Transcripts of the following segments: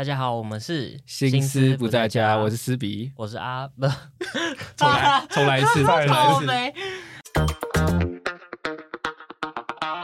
大家好，我們是新斯不在家，在家我是斯比，我是阿不，重來，重、啊、來一次，啊、來一次。Uh, uh,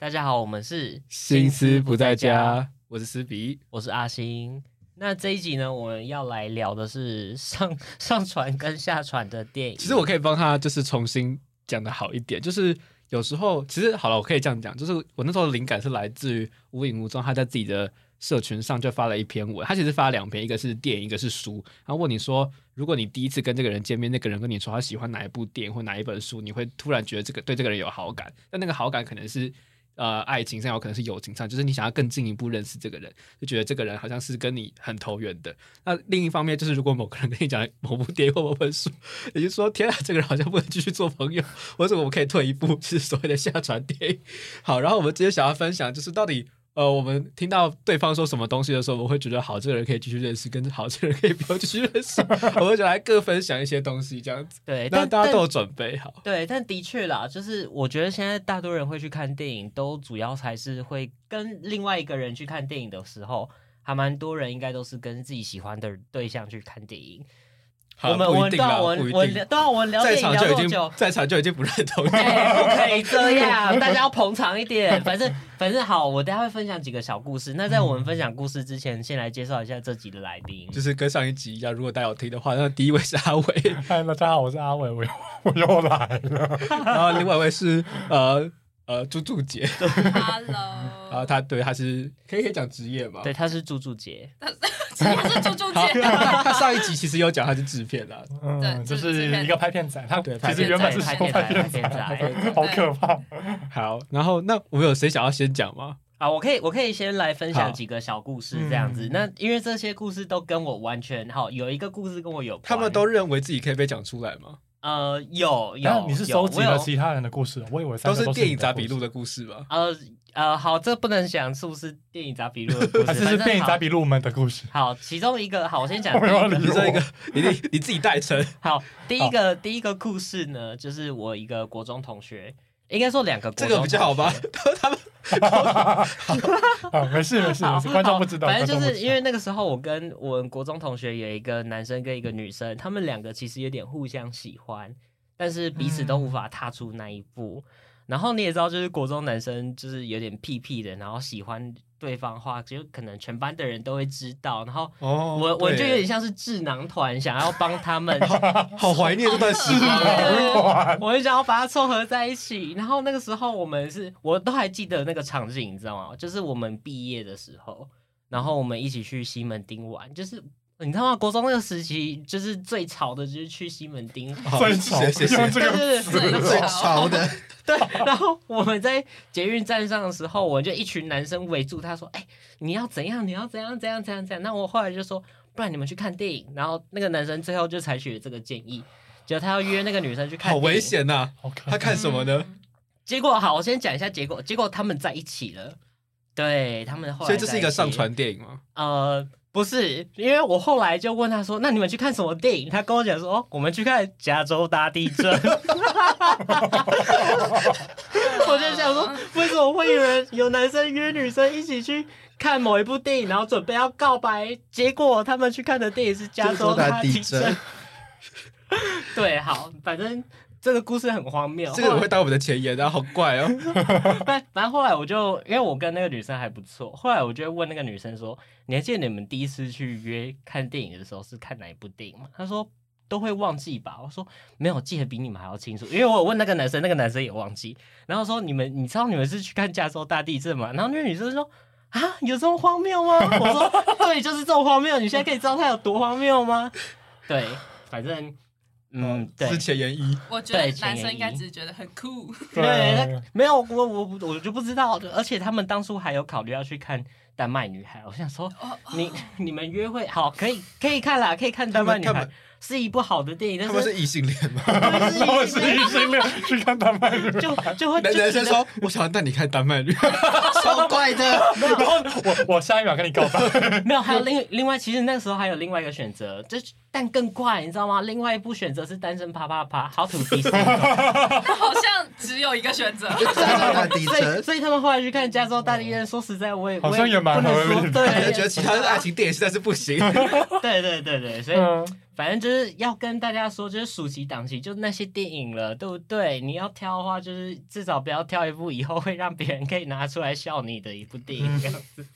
大家好，我們是新斯，新斯不在家，我是斯比，我是阿新。那這一集呢，我們要來聊的是上上船跟下船的電影。其實我可以幫他，就是重新講的好一點，就是。有時候，其實好了，我可以這樣講，就是我那時候的靈感是來自於無影無蹤，他在自己的社群上就發了一篇文，他其實發了兩篇，一個是電影，一個是書，然後問你說，如果你第一次跟這個人見面，那個人跟你說他喜歡哪一部電影或哪一本書，你會突然覺得這個對這個人有好感，但那個好感可能是。呃，愛情上有可能是友情上，就是你想要更進一步認識這個人，就覺得這個人好像是跟你很投緣的。那另一方面，就是如果某個人跟你講某部電影、某本書，也就是說天啊，這個人好像不能繼續做朋友，或者我們可以退一步，就是所謂的下船電影。好，然後我們直接想要分享就是到底。呃，我們聽到對方說什麼東西的時候，我會覺得好，這個人可以繼續認識，跟好，這個人可以不要繼續認識。我會覺得就來各分享一些東西，這樣子。對，那但大家都有準備好。對，但的確啦，就是我覺得現在大多人會去看電影，都主要還是會跟另外一個人去看電影的時候，還蠻多人應該都是跟自己喜歡的對象去看電影。好啊，我們到我們我都我了解已解久，在場就已經不認同， 不可以這樣， 大家要捧場一點。反正反正好，我等下會分享幾個小故事。那在我們分享故事之前， 先來介紹一下這集的來賓。就是跟上一集一樣，如果大家有聽的話，那第一位是阿緯。那大家好，我是阿緯，我又我又來了。 然後另外一位是呃。呃，柱柱姐 Hello 啊，然後他，對，他是可以可以講職業嘛？對，他是柱柱姐。他 是柱柱 他上一集其實有講他是製片的， 嗯，就是一個拍片仔、哦，他對拍片其實原本是拍片仔，好可怕。好，然後那我們有誰想要先講嗎？啊，我可以，我可以先來分享幾個小故事這樣子、嗯。那因為這些故事都跟我完全好，有一個故事跟我有，他們都認為自己可以被講出來嗎？呃，有有，你是收集了其他人的故事，我，我以為都是，都是電影砸筆錄的故事吧？呃呃，好，這不能講是不是電影砸筆錄， 還是是電影砸筆錄們的故事好？好，其中一個好，我先講其中一個，一個 你你自己代稱。 好，第一個、哦、第一個故事呢，就是我一個國中同學。應該說兩個，這個比較好吧？他們 好，啊， 沒事沒事觀，觀眾不知道。反正就是因為那個時候，我跟我們國中同學有一個男生跟一個女生，他們兩個其實有點互相喜歡，但是彼此都無法踏出那一步。嗯、然後你也知道，就是國中男生就是有點屁屁的，然後喜歡。對方話，就可能全班的人都會知道。然後我、oh, 我就有點像是智囊團， 想要幫他們。 好懷念那段 時光， 對對對對 我就想要把它湊合在一起。然後那個時候我們是，我都還記得那個場景，你知道嗎？就是我們畢業的時候，然後我們一起去西門町玩，就是。你知道嗎？國中那個時期就是最潮的，就是去西門町。哦、最潮，對，對，對潮的。的 對。然後我們在捷運站上的時候，我就一群男生圍住他說：“哎、欸，你要怎樣？你要怎樣？怎樣？怎樣？怎樣？”那我後來就說：“不然你們去看電影。”然後那個男生最後就採取了這個建議，結果他要約那個女生去看電影。好危險吶、啊！ 他看什麼呢？嗯、結果好，我先講一下結果。結果他們在一起了。對，他們後來。所以這是一個上船電影嗎？呃。不是，因為我後來就問他說：“那你們去看什麼電影？”他跟我講說：“哦，我們去看《加州大地震。》 ”我就想說，為什麼會有人有男生約女生一起去看某一部電影，然後準備要告白，結果他們去看的電影是《加州大地震？》 對，好，反正。這個故事很荒謬，這個會當我們的前言後、啊、好怪哦。但 然後後來我就，因為我跟那個女生還不錯，後來我就問那個女生說：“你還記得你們第一次去約看電影的時候是看哪一部電影嗎？”她說：“都會忘記吧。”我說：“沒有，記得比你們還要清楚。”因為我有問那個男生，那個男生也忘記，然後說：“你們你知道你們是去看加州大地震嗎？”然後那個女生說：“啊，有這麼荒謬嗎？”我說：“對， 就是這麼荒謬。你現在可以知道它有多荒謬嗎？”對，反正。嗯，對，之前原因，我覺得男生應該只是覺得很酷，對，對對，沒有我我我就不知道，而且他們當初還有考慮要去看《丹麥女孩》，我想說，哦，你你們約會好可以可以看啦，可以看《丹麥女孩》。是一部好的電影，但是他們是異性戀嗎？他們是異性戀，去看丹麥女，就 就，就會，男生說：“我想要帶你看丹麥女。 ”超怪的， 沒有， 我我下一秒跟你告白， 沒有。還有另另外，其實那時候還有另外一個選擇，就但更怪，你知道嗎？另外一部選擇是《單身啪啪啪好土地 to 那好像只有一個選擇，How to DC。所以，所以他們後來去看《加州大地震》，說實在我，我也不能說好像也蠻有， 對，覺得其他的愛情電影實在是不行。對對對對，所以。反正就是要跟大家說，就是暑期檔期，就那些電影了，對不對？你要挑的話，就是至少不要挑一部以後會讓別人可以拿出來笑你的一部電影這樣子。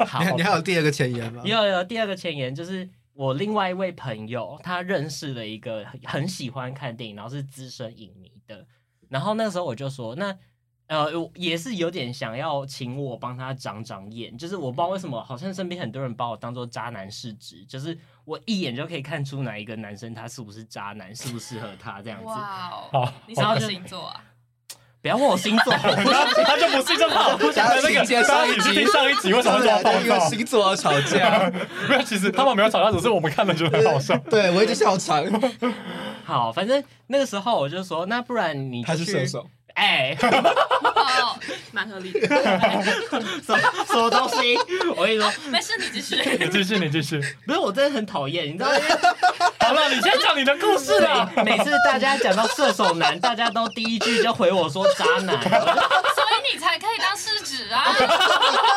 好，你還有第二個前言嗎？有有第二個前言，就是我另外一位朋友，他認識了一個很喜歡看電影，然後是資深影迷的。然後那時候我就說，那呃，也是有點想要請我幫他長長眼，就是我不知道為什麼，好像身邊很多人把我當做渣男試紙就是。我一眼就可以看出哪一個男生他是不是渣男，適不適合他這樣子。哦、wow,！好，你想要星座啊？ 不要問我星座 他，他就不是這麼好。 他想那個、 上一集 為什麼泡泡 因為星座要吵架？星座吵架？沒有，其實他們沒有吵架， 只是我們看了就很好笑。 對，對，我一直笑場。好，反正那個時候我就說，那不然你他是射手。哎、欸，蠻、哦、合理的，什麼東西？我跟你說、啊，沒事，你繼續，你繼續，你繼續。不是，我真的很討厭，你知道嗎？好了，你先講你的故事吧。每次大家講到射手男，大家都第一句就回我說渣男，所以你才可以當試紙啊。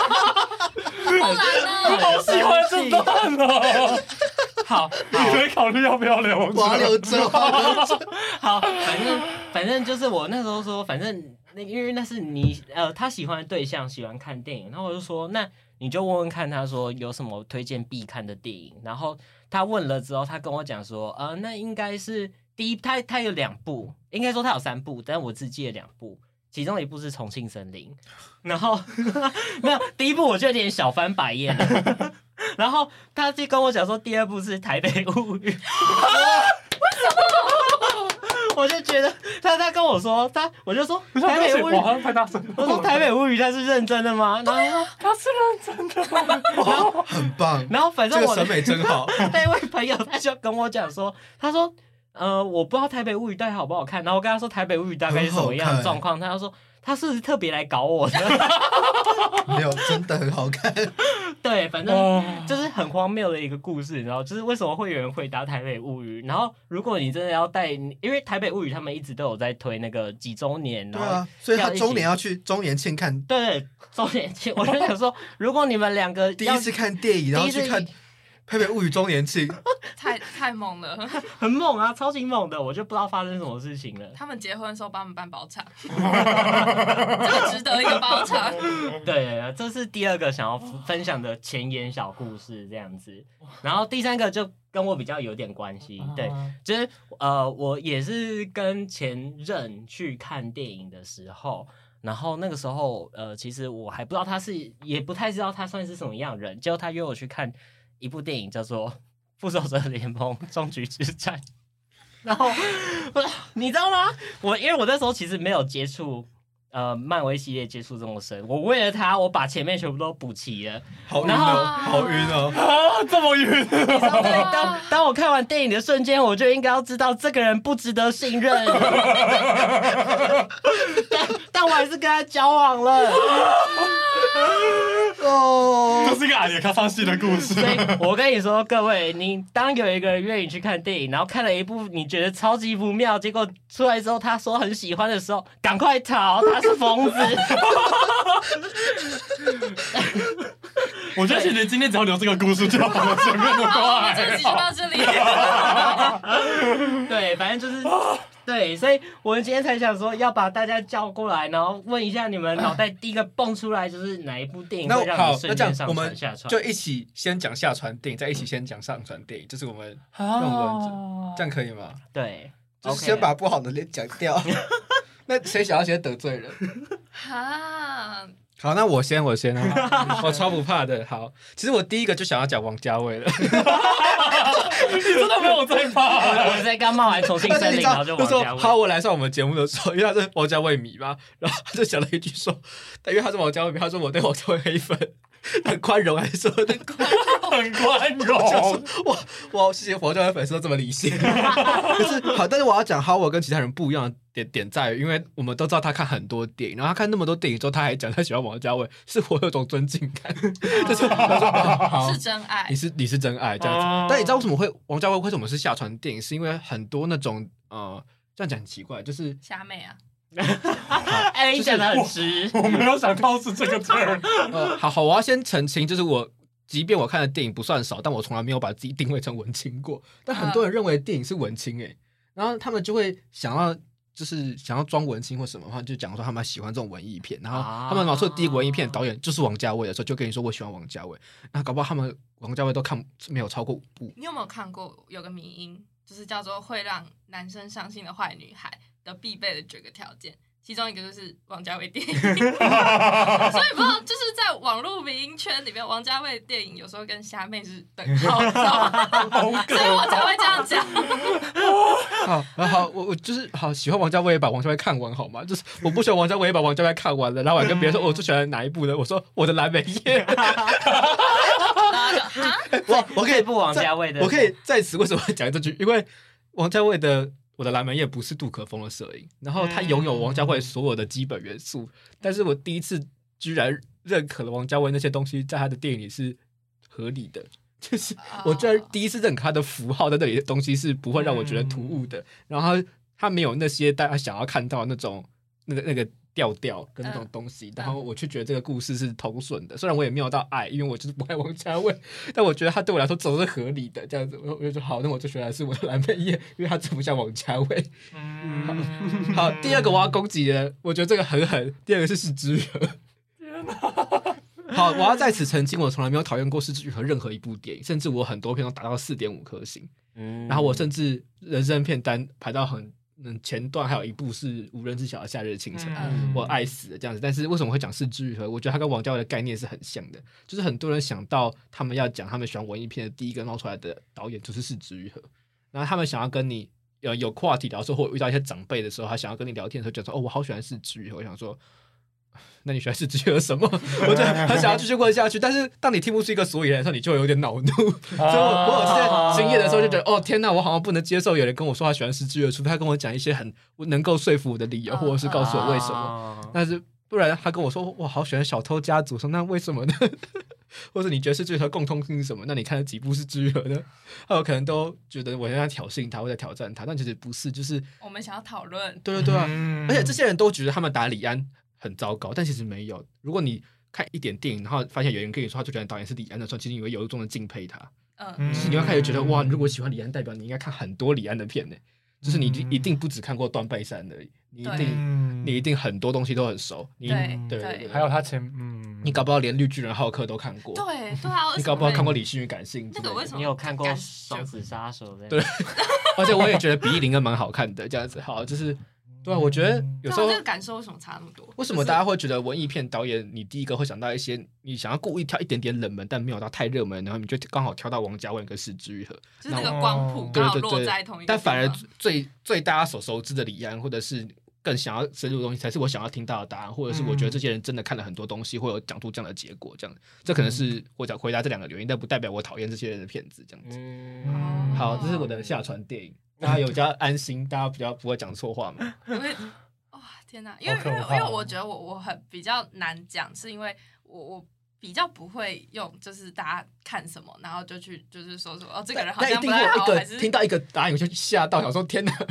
好來呢？我好喜歡這段啊、哦。 好，好，你可以考慮要不要留着。我，了我留着。好，反正反正就是我那時候說，反正那因為那是你呃他喜歡的對象，喜歡看電影。然後我就說，那你就問問看，他說有什麼推薦必看的電影。然後他問了之後，他跟我講說，呃，那應該是第一，他他有兩部，應該說他有三部，但我只記得兩部，其中一部是《重慶森林》，然後沒有 第一部我就有點小翻白眼了。 然後他就跟我講說，第二部是《台北物語。》 為什麼？我就覺得他他跟我說他，我就說台北物語。我說台北物語，他是認真的嗎？然後他說他是認真的。哇，然後，很棒。然後反正我這個審美真好。那位朋友他就跟我講說，他說呃，我不知道台北物語到底好不好看。然後我跟他說台北物語大概是什麼樣的狀況。欸、他就說。他是不是特別來搞我的？ 沒有，真的很好看。對，反正就是很荒謬的一個故事，你知道，就是為什麼會有人回答台北物語。然後，如果你真的要帶，因為台北物語他們一直都有在推那個幾周年然後。對啊，所以他周年要去周年慶看。對，對，對，周年慶，我就想說， 如果你們兩個第一次看電影，然後去看。特別物語中年輕太太猛了， 很猛啊，超級猛的，我就不知道發生什麼事情了。 他們結婚的時候幫我們辦包場， 這值得一個包場。 對，這是第二個想要分享的前言小故事，這樣子。然後第三個就跟我比較有點關係， 對，就是呃，我也是跟前任去看電影的時候，然後那個時候呃，其實我還不知道他是，也不太知道他算是什麼樣的人，結果他約我去看，一部電影叫做《復仇者聯盟：終局之戰》，然後你知道嗎？我因為我那時候其實沒有接觸呃漫威系列，接觸這麼深，我為了他我把前面全部都補齊了。好了，然後好暈哦、啊，這麼暈、啊！當當我看完電影的瞬間，我就應該要知道這個人不值得信任。 但但我還是跟他交往了。 哦、 oh,， 這是一個演員他放戲的故事。 所以我跟你說，各位，你當有一個人願意去看電影，然後看了一部你覺得超級不妙，結果出來之後他說很喜歡的時候，趕快逃，他是瘋子。 我覺得其實今天只要留這個故事就好了，前面都快。 就到這裡。 對，反正就是對，所以我們今天才想說要把大家叫過來，然後問一下你們腦袋第一個蹦出來就是哪一部電影？那好，那這樣我們就一起先講下船電影，嗯，再一起先講上船電影，就是我們用輪子，哦，這樣可以嗎？對，就先、okay. 把不好的先講掉。 那誰想要先得罪人？ 好，那我先，我先啊， 我超不怕的。好，其實我第一個就想要講王家衛 的了。你說都沒有在怕，我在剛罵完重慶森林， 然後就、就是、說：“好，我來上我們節目的時候，因為他是王家衛迷嘛，然後他就講了一句說，但因為他是王家衛迷，他說我對王家衛黑粉。”很寬容還是說很寬容？哇哇！謝謝王家衛粉絲都這麼理性，可 是好，但是我要講阿緯跟其他人不一樣的點點在，因為我們都知道他看很多電影，然後他看那麼多電影之後，他還講他喜歡王家衛，是我有種尊敬感，這 是我就說 你是真愛。你是你是真愛這樣子， 但你知道為什麼會王家衛為什麼是下船電影，是因為很多那種呃，這樣講很奇怪，就是瞎妹啊。哎、 啊，你講的很直，我沒有想到是這個字、 呃。好好，我要先澄清，就是我，即便我看的電影不算少，但我從來沒有把自己定位成文青過。但很多人認為電影是文青，誒、呃，然後他們就會想要，就是想要裝文青或什麼話，就講說他們喜歡這種文藝片。然後他們拿出第一文藝片導演就是王家衛的時候，就跟你說我喜歡王家衛。那搞不好他們王家衛都看沒有超過五部。你有沒有看過有個迷因，就是叫做“會讓男生傷心的壞女孩”。必備的幾個條件，其中一個就是王家衛電影， 所以不知道就是在網絡迷因圈裡面，王家衛電影有時候跟蝦妹是等號 所以我才會這樣講。好，好，我我就是好喜歡王家衛，把王家衛看完好嗎？就是我不喜歡王家衛，把王家衛看完了，然後我還跟別人說 我最喜歡哪一部呢？」我說我的藍莓夜。 我我可以不王家衛的，我可以在此為什麼會講這句？因為王家衛的。我的藍莓夜不是杜可風的攝影，然後他擁有王家衛所有的基本元素、嗯，但是我第一次居然認可了王家衛那些東西，在他的電影裡是合理的，就是我居然第一次認可他的符號在那裡的東西是不會讓我覺得突兀的，嗯、然後他他沒有那些大家想要看到的那種那個那個。那個調調跟那種東西，uh, uh, 然後我卻覺得這個故事是通順的。雖然我也沒有到愛，因為我就是不愛王家衛，但我覺得他對我來說總是合理的這樣子。我我就說好，那我就選的是我的藍莓夜，因為它真不像王家衛，mm -hmm.。好，第二個我要攻擊的，我覺得這個很狠。第二個是是枝裕和。天哪！ 好，我要在此澄清，我從來沒有討厭過是枝裕和任何一部電影，甚至我很多片都達到四點五顆星。嗯、mm -hmm.，然後我甚至人生片單排到很。嗯，前段還有一部是無人知曉的夏日清晨，嗯、我愛死了這樣子。但是為什麼會講是枝裕和？我覺得它跟王家衛的概念是很像的，就是很多人想到他們要講他們喜歡文藝片的第一個冒出來的導演就是是枝裕和。然後他們想要跟你呃有話題聊的時候，或者遇到一些長輩的時候，他想要跟你聊天的時候講，就說哦，我好喜歡是枝裕和，我想說。那你喜歡是枝裕和什麼？我就很想要繼續問下去。但是當你聽不出一個所以然的時候，你就有點惱怒。 所以我,我有這些經驗的時候，就覺得哦，天哪、啊，我好像不能接受有人跟我說他喜歡是枝裕和，除非他跟我講一些很能夠說服我的理由，或者是告訴我為什麼。但 是不然，他跟我說我好喜歡《小偷家族》，說那為什麼呢？ 或者你覺得是枝裕和共通性是什麼？那你看了幾部是枝裕和的？他有可能都覺得我該挑釁他，或者挑戰他。但其實不是，就是我們想要討論。對對對、啊嗯、而且這些人都覺得他們打李安。很糟糕，但其實沒有。如果你看一點電影，然後發現有人跟你說，他最喜歡導演是李安的時候，其實你會由衷的敬佩他。嗯，就是，你會開始覺得、嗯、哇，如果喜歡李安，代表你應該看很多李安的片呢、嗯。就是你一定不只看過《斷背山》而已，你一定你一定很多東西都很熟。你對，對，對對，還有他前嗯，你搞不好連《綠巨人浩克》都看過。對，對、啊、 你搞不好看過《理性與感性。》 個你有看過《雙子殺手》？對。 對 而且我也覺得《比利林恩》蠻好看的，這樣子好就是。對啊，我覺得有時候那個感受為什麼差那麼多？為什麼大家會覺得文藝片導演，你第一個會想到一些你想要故意挑一點點冷門，但沒有到太熱門，然後你就剛好挑到王家衛跟是枝裕和，就是這個光譜剛好落在同一個對對對。但反而最最大家所熟知的李安，或者是更想要深入的東西，才是我想要聽到的答案，或者是我覺得這些人真的看了很多東西，會有講出這樣的結果，這樣這可能是我想回答這兩個原因，但不代表我討厭這些人的片子，這樣子。哦、好，這是我的下船電影。大家有比較安心，大家比較不會講錯話嘛、哦啊。因為哇，天吶、哦，因為因為因為我覺得我我很比較難講，是因為我我比較不會用，就是大家看什麼，然後就去就是說說，哦，這個人好像不太好，但還是。聽到一聽到一個，答案我就嚇到想說，想說天吶。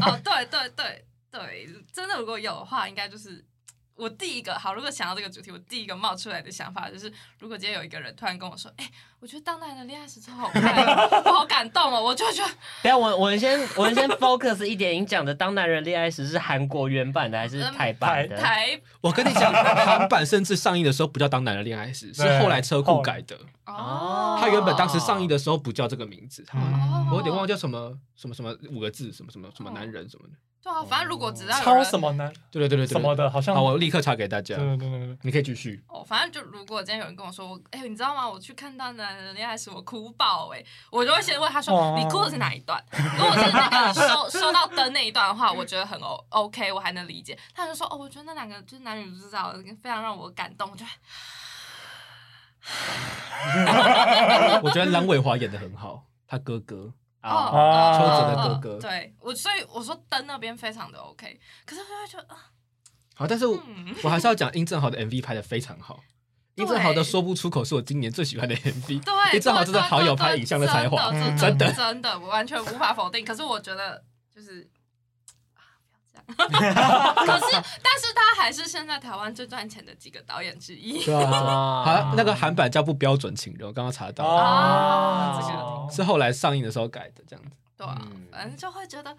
哦，對對對對，真的，如果有的話，應該就是。我第一個好，如果想到這個主題，我第一個冒出來的想法就是，如果今天有一個人突然跟我說，哎、欸，我覺得《當男人戀愛時》超好看，我好感動哦，我就覺得，等下，我我先我先 focus 一點，你講的《當男人戀愛時》是韓國原版的還是台版的？台。台我跟你講，韓 版甚至上映的時候不叫《當男人戀愛時》，是後來車庫改的。哦。他原本當時上映的時候不叫這個名字，oh. 他我有點忘記了叫什麼什麼什麼五個字，什麼什麼什麼男人什麼的。對啊，反正如果只要超什麼呢？對對對對什麼的好像，好，我立刻查給大家。對對對，對，對，對你可以繼續。哦，反正就如果今天有人跟我說，哎、欸，你知道嗎？我去看《當男人戀愛時》，我哭爆，欸，哎，我就會先問他說，你哭的是哪一段？如果我是那個收 收到的那一段的話，我覺得很 O O K，我還能理解。他就說，哦，我覺得那兩個就是男女主角，非常讓我感動。我覺得， 我覺得藍葦華演得很好，他哥哥。哦，秋子的哥哥，uh, uh, uh, 對我，所以我說燈那邊非常的 OK，可是我就覺得啊，好，但是我，、嗯、我還是要講殷振豪的 MV 拍的非常好，殷 振豪的說不出口是我今年最喜歡的 MV，對，殷振豪真的好有拍影像的才華，真的真的，真的，、嗯、真的，真的我完全無法否定，可是我覺得就是。 可是，但是他還是現在台灣最賺錢的幾個導演之一。 對啊，好、 啊，那個韓版叫不標準情人，就我剛剛查到哦、啊啊這個，是後來上映的時候改的這樣子。對啊、嗯，反正就會覺得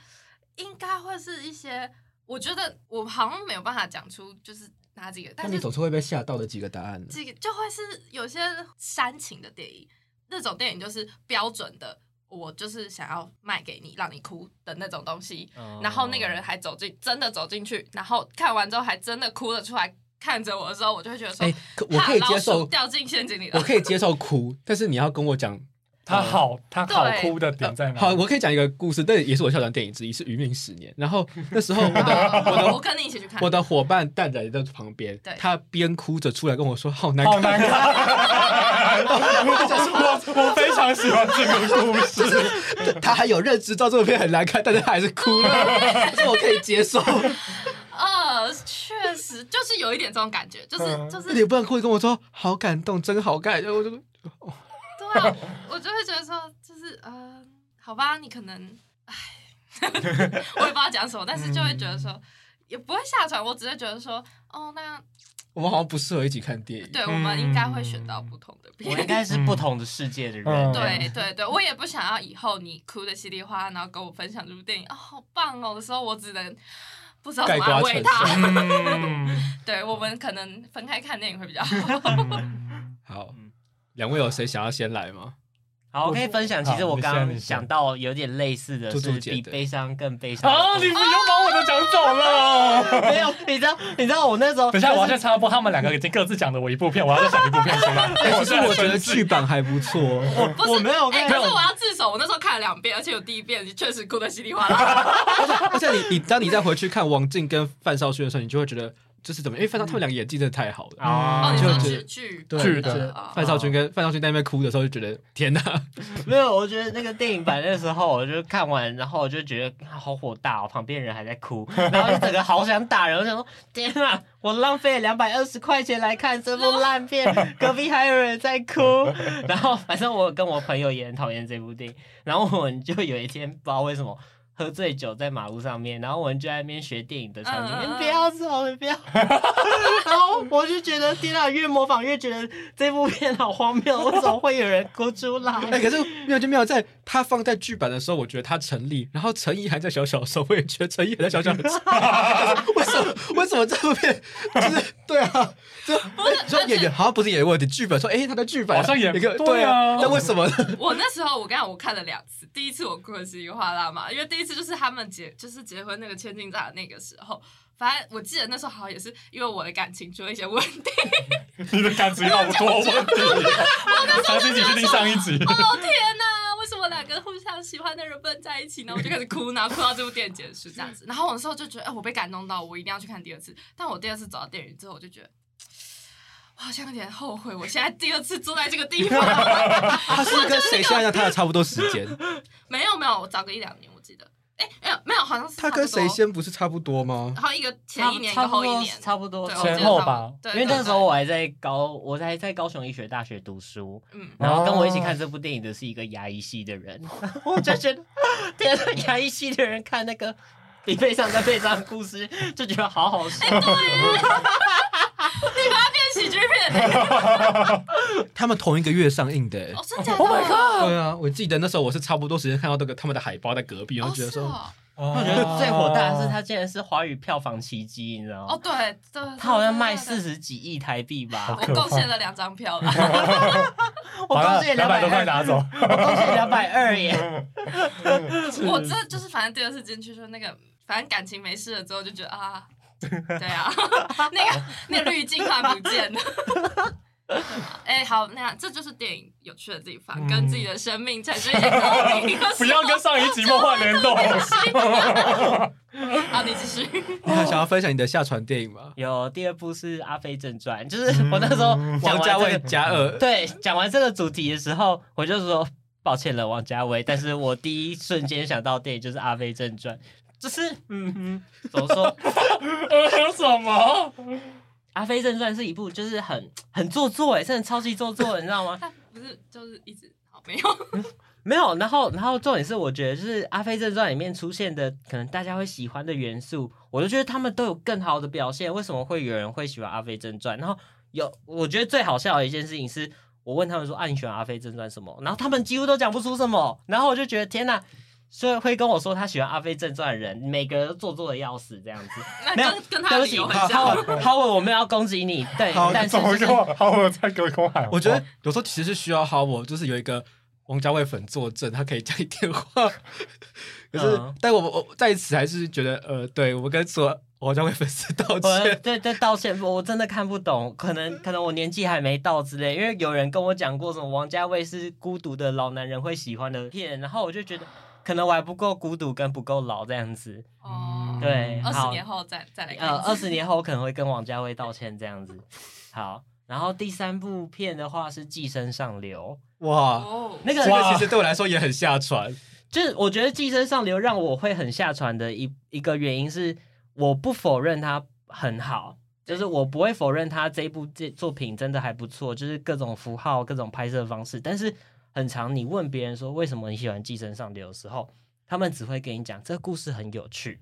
應該會是一些，我覺得我好像沒有辦法講出就是哪幾個，但是但你總是會被嚇到的幾個答案。這個就會是有些煽情的電影，那種電影就是標準的。我就是想要賣給你，讓你哭的那種東西。嗯、然後那個人還走進，真的走進去，然後看完之後還真的哭了出來。看着我的時候，我就會覺得說，欸、可我可以接受掉進陷阱裡的，我可以接受哭，但是你要跟我講、 嗯，他好，他好哭的點在哪？呃。好，我可以講一個故事，但也是我下船電影之一是《餘命十年》。然後那時候，我的， 我的，我跟你一起去看，我的夥伴淡然在旁邊，他邊哭着出來跟我說，好難看。 我我，我非常喜歡這個故事， 就是、他還有認知，照這個片很難看，但是他還是哭了，但 是我可以接受。 呃，確實就是有一點這種感覺，就是就是你 不能故意跟我說好感動，真好看，我就哦，對啊，我就會覺得說就是呃，好吧，你可能哎，我也不知道講什麼，但是就會覺得說也不會下船，我只是覺得說哦，那我們好像不適合一起看電影，對，我們應該會選到不同的。我應該是不同的世界的人，嗯、對對對，對，我也不想要以後你哭的稀里嘩啦，然後跟我分享這部電影啊、哦，好棒哦的時候，我只能不知道怎麼安慰他。 對，我們可能分開看電影會比較好 好，兩位有誰想要先來嗎？好，我可以分享。其實我剛剛想到有點類似的是，比悲傷更悲傷，好，比悲傷更悲傷啊！你們又把我都講走了，哦、 沒有？你知道？你知道我那時候？等下，我現在插播， 他們兩個已經各自講了我一部片，我要再講一部片出來。其實， 是我覺得劇本還不錯。 我我沒有，跟你說、欸、但是我要自首。我那時候看了兩遍，而且有第一遍你確實哭得稀里嘩啦。 而且你你，當你再回去看王淨跟范少勳的時候，你就會覺得。就是怎麼？因為范少勳他們兩個演技真的太好了，嗯嗯嗯、啊！就劇劇的范少勳跟范少勳在那邊哭的時候，就覺得天哪！沒有，我覺得那個電影版那時候，我就看完，然後我就覺得，啊，好火大哦，旁邊人還在哭，然後就整個好想打人。我想說，天哪，我浪費了兩百二十塊錢來看這部爛片，no! 隔壁還有人在哭。然後反正我跟我朋友也很討厭這部電影，然後我們就有一天不知道為什麼。喝醉酒在馬路上面，然後我們就在那邊學電影的場景。你不要走，你不要。 然後我就覺得天啊，越模仿越覺得這部片好荒謬，為什麼會有人哭出來哎、 欸，可是沒有就沒有，在，他放在劇本的時候，我覺得他成立。然後陳意涵還在小小的時候，我也覺得陳意涵在小小的時候。 為什麼？為什麼這部片就是對啊？就，就說演員好像不是演員問題，劇本說哎、欸，他的劇本好像演一個對啊，那、啊、為什麼？我那時候我跟你講，我看了兩次，第一次我哭的是花拉嘛，因為第。一直就是他們結，就是結婚那個千金在的那個時候，反正我記得那時候好像也是因為我的感情出了一些問題。你的感情好多問題？ 覺得 我那時候就自己追上一集。 哦，天吶，為什麼兩個互相喜歡的人不能在一起呢？我就開始哭，然後哭到這部電影結束這樣子。然後我那時候就覺得，哎、欸，我被感動到，我一定要去看第二次。但我第二次找到電影之後，我就覺得我好像有點後悔，我現在第二次坐在這個地方。他 是跟誰相愛？他倆差不多時間？沒有沒有，我找個一兩年。欸、沒有沒有，好像是他跟誰先不是差不多嗎？然後一個前一年，一個後一年差不多，差不多前後吧。對，因為那時候我還在高對對對，我還在高雄醫學大學讀書。嗯，然後跟我一起看這部電影的是一個牙醫系的人，哦、 我就覺得天吶、啊，牙醫系的人看那個比 悲傷更悲傷的故事， 就覺得好好笑。欸 你把它變喜劇片、欸。 他們同一個月上映的、欸，哦，是真的嗎？哦、oh，My God！對啊，我記得那時候我是差不多時間看到這個他們的海報在隔壁，我覺得說，oh, 哦啊，我覺得最火大的是他竟然是華語票房奇蹟，你知道嗎？哦，對，對他好像賣四十幾億台幣吧？我貢獻了兩張票，我貢獻兩百塊拿走， 我貢獻兩百二耶 我這就是反正第二次進去說、就是、那個，反正感情沒事了之後就覺得啊。 對啊，那個那濾鏡看不見哎、 啊欸，好，那樣這就是電影有趣的地方，嗯、跟自己的生命產生一個。 不要跟上一集夢幻聯動。 好，你繼續。你還想要分享你的下船電影嗎？有，第二部是《阿飛正傳》，就是我那時候、這個嗯。王家衛加二對，講完這個主題的時候，我就說抱歉了，王家衛。但是我第一瞬間想到的電影就是《阿飛正傳》。就是，嗯哼，怎麼說？還有 什麼？《阿飛正傳》是一部就是很很做作哎、欸，甚至超級做作，你知道嗎？ 他不是，就是一直，好沒有、 嗯，沒有。然後，然後重點是，我覺得就是《阿飛正傳》裡面出現的可能大家會喜歡的元素，我就覺得他們都有更好的表現。為什麼會有人會喜歡《阿飛正傳》？然後有，我覺得最好笑的一件事情是，我問他們說：“啊，你喜歡《阿飛正傳》什麼？”然後他們幾乎都講不出什麼。然後我就覺得，天哪、啊！所以會跟我說他喜歡阿飛正傳的人，每個人都做作的要死，這樣子。 那跟沒跟他不起，哈文，哈文，我們要攻擊你，對。好，怎麼講話？哈文在隔空喊話。好是是我覺得有時候其實是需要哈我就是有一個王家衛粉作證，他可以接電話。可是，嗯、但我我在此還是覺得，呃，對我們跟所有王家衛粉絲道歉。對對道歉，我歉我真的看不懂，可能可能我年紀還沒到之類，因為有人跟我講過，什麼王家衛是孤獨的老男人會喜歡的片，然後我就覺得。可能我還不夠孤獨，跟不夠老這樣子。哦、嗯，對，二十年後再再來。呃，二十年後我可能會跟王家衛道歉這樣子。 好，然後第三部片的話是《寄生上流》。哇，哦那個、那個其實對我來說也很下船。就是我覺得《寄生上流》讓我會很下船的一一個原因是，我不否認它很好，就是我不會否認它這一部這作品真的還不錯，就是各種符號、各種拍攝方式，但是。很常，你問別人說為什麼你喜歡《寄生上流》的時候，他們只會跟你講這個故事很有趣，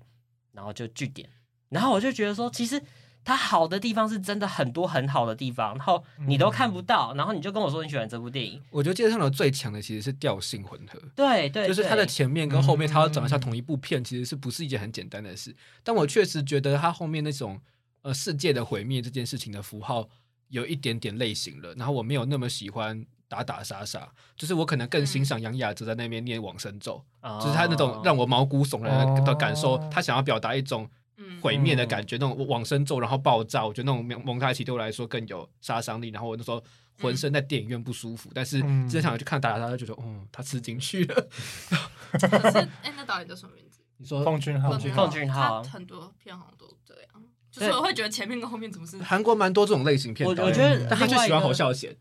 然後就句點。然後我就覺得說，其實它好的地方是真的很多很好的地方，然後你都看不到，嗯、然後你就跟我說你喜歡這部電影。我覺得寄生上流最強的其實是調性混合，對對，就是它的前面跟後面它要長得像同一部片、嗯，其實是不是一件很簡單的事？但我確實覺得它後面那種呃世界的毀滅這件事情的符號有一點點類型了，然後我沒有那麼喜歡。打打殺殺，就是我可能更欣賞楊雅哲在那邊念往生咒、嗯，就是他那種讓我毛骨悚然的感受、哦。他想要表達一種毀滅的感覺、嗯，那種往生咒然後爆炸、嗯，我覺得那種蒙太奇對我來說更有殺傷力。然後我那時候渾身在電影院不舒服、嗯，但是之前想要去看打打殺殺，覺得嗯，嗯，嗯他吃進去了。嗯、 可是哎、欸，那導演叫什麼名字？你說奉俊昊，奉俊昊很多片好像都這樣，就是我會覺得前面跟後面怎麼是、欸？韓國蠻多這種類型片的我，我覺得對但他就喜歡侯孝賢。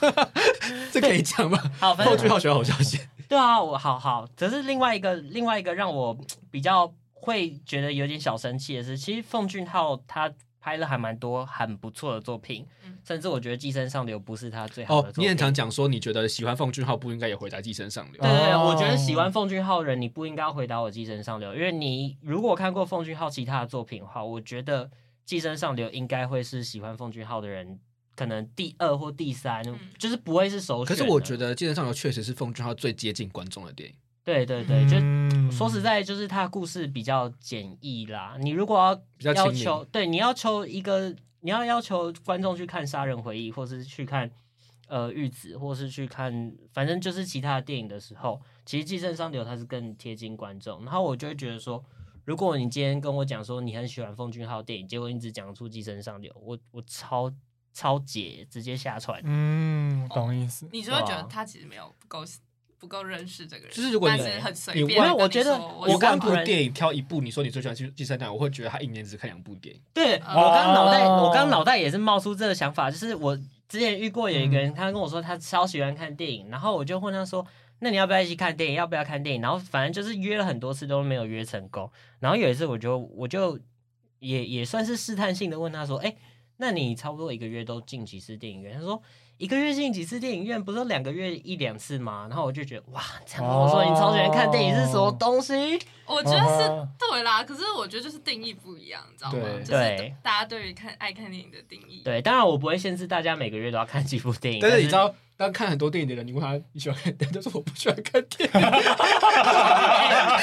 這可以講嗎？好，奉俊昊學好消息。對啊，我好好、好。只是另外一個另外一個讓我比較會覺得有點小生氣的是，其實奉俊昊他拍了還蠻多很不錯的作品、嗯，甚至我覺得《寄生上流》不是他最好的作品。哦，你很常講說你覺得喜歡奉俊昊不應該也回答《寄生上流》。對、啊，我覺得喜歡奉俊昊的人你不應該回答我《寄生上流》，因為你如果看過奉俊昊其他的作品的話，我覺得《寄生上流》應該會是喜歡奉俊昊的人可能第二或第三，嗯、就是不會是首選。可是我覺得《寄生上流》確實是奉俊昊最接近觀眾的電影。對對對，嗯、就說實在，就是他故事比較簡易啦。你如果要要求，對，你要求一個，你要要求觀眾去看《殺人回憶》，或是去看呃，《玉子》，或是去看，反正就是其他的電影的時候，其實《寄生上流》它是更貼近觀眾。然後我就會覺得說，如果你今天跟我講說你很喜歡奉俊昊電影，結果你只講出《寄生上流》，我我超。超絕，直接下船。嗯，懂意思、哦。你就會覺得他其實沒有不夠不夠認識這個人，就是如果很隨便、欸你。我覺得我看一部電影挑一部，你說你最喜歡《去第三彈》，我會覺得他一年只看兩部電影。對，嗯、我剛腦袋，哦、我剛腦袋也是冒出這個想法，就是我之前遇過有一個人，他跟我說他超喜歡看電影，嗯、然後我就問他說：“那你要不要一起看電影？要不要看電影？”然後反正就是約了很多次都沒有約成功，然後有一次我就我就也也算是試探性的問他說：“哎、欸。”那你差不多一個月都進幾次電影院？他說一個月進幾次電影院，不是兩個月一兩次嗎？然後我就覺得哇，這樣！我說你超喜歡看電影是什麼東西，oh？ 我覺得是對啦，可是我覺得就是定義不一樣，你知道嗎？就是大家對於看愛看電影的定義。對，當然我不會限制大家每個月都要看幾部電影，當看很多電影的人，你問他你喜歡看電影，說、就是、我不喜歡看電影。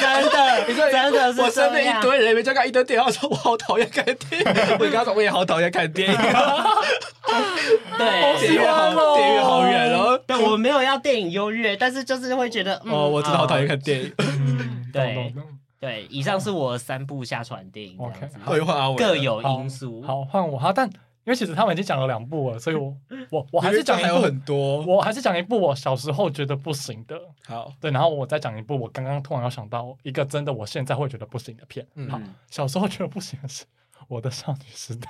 欸、真的， 你說真的是，是我身邊一堆人沒在看一堆電影，我說我好討厭看電影。我跟他說我也好討厭看電影。 對、喔，電影院好，電影好遠哦、喔。但我沒有要電影優越，但是就是會覺得哦、嗯，我真的好討厭看電影。 嗯、對對，以上是我三部下船電影。Okay. 好，換阿偉，各有因素。好，換我哈，但。因為其實他們已經講了兩部了，所以我我我還是講一部，明明還有很多，我還是講一部我小時候覺得不行的。好，對，然後我再講一部我剛剛突然要想到一個真的我現在會覺得不行的片。嗯、好，小時候覺得不行的是《我的少女時代》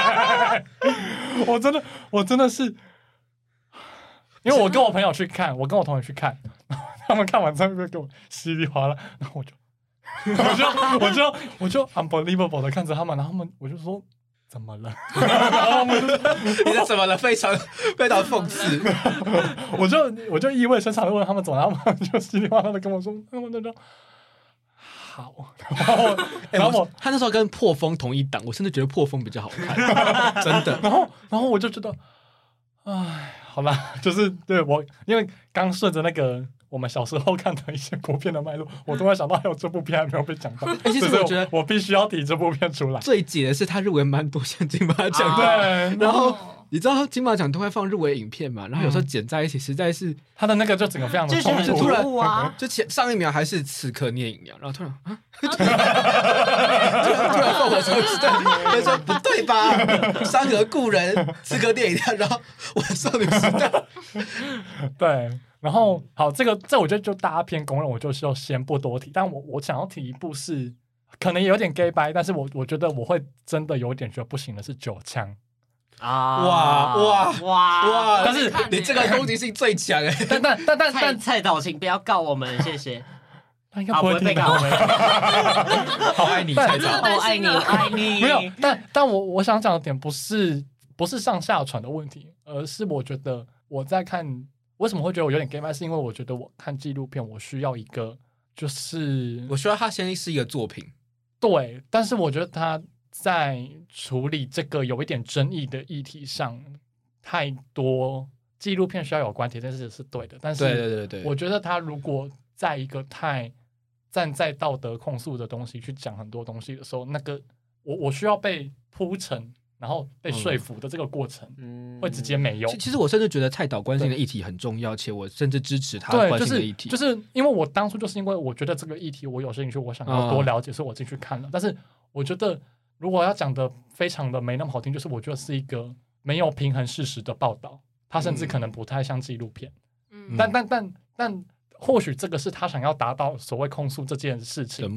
我真的我真的是，因為我跟我，我跟我朋友去看，我跟我同學去看， 他們看完之後就給我稀里嘩啦，然後我就 我就我就我就 unbelievable 的看着他們，然後他們我就說。怎麼了？ 你是怎麼了？非常非常諷刺 我。我就我就意味深長的問他們怎麼了，就他們就稀里嘩啦的跟我說，他們就說好。然後我、 欸、然後我，然後我他那時候跟破風同一檔，我甚至覺得破風比較好看，真的。 然後然後我就覺得，哎，好吧，就是對我，因為剛順着那個。我們小時候看的一些國片的脈絡，我突然想到還有這部片還沒有被講到，而 且我覺得我，我必須要提這部片出來。最解的是他入圍蠻多像金馬獎，對、啊。然後、嗯、你知道金馬獎都會放入圍影片嘛？然後有時候剪在一起，實在是他的那個就整個非常的突兀啊！ 然 就前上一秒還是刺客聶隱娘，然後突然啊 就突然，突然突然放了，所有人都說不對吧？山河故人，刺客聶隱娘，然後我少女時代，對 到你。 然後，好，這個這個、我覺得就大家偏公認，我就是要先不多提。但我我想要提一部是，可能有點 gay bye，但是我我覺得我會真的有點覺得不行的是九槍。啊，哇哇哇哇！但是你這個攻擊性最強哎、啊，但但但蔡但但蔡導，請不要告我們，謝謝。 他應該不,不會被告、欸。 好愛你，蔡導，我愛你，我愛你。 沒有，但但我我想講的點不是不是上下船的問題，而是我覺得我在看。為什麼會覺得我有點 gay man 是因為我覺得我看紀錄片，我需要一個，就是我需要它先是一個作品，對。但是我覺得它在處理這個有一點爭議的議題上，太多紀錄片需要有關係，但是是對的。但是，對對對對，我覺得它如果在一個太站在道德控訴的東西去講很多東西的時候，那個我我需要被鋪陳。然後被說服的這個過程、嗯，會直接沒用。其實我甚至覺得蔡導關心的議題很重要，且我甚至支持他關心的議題、就是。就是因為我當初就是因為我覺得這個議題我有興趣，我想要多了解、嗯，所以我進去看了。但是我覺得如果要講的非常的沒那麼好聽，就是我覺得是一個沒有平衡事實的報道，它甚至可能不太像紀錄片。嗯，但但但但或許這個是他想要達到所謂控訴這件事情的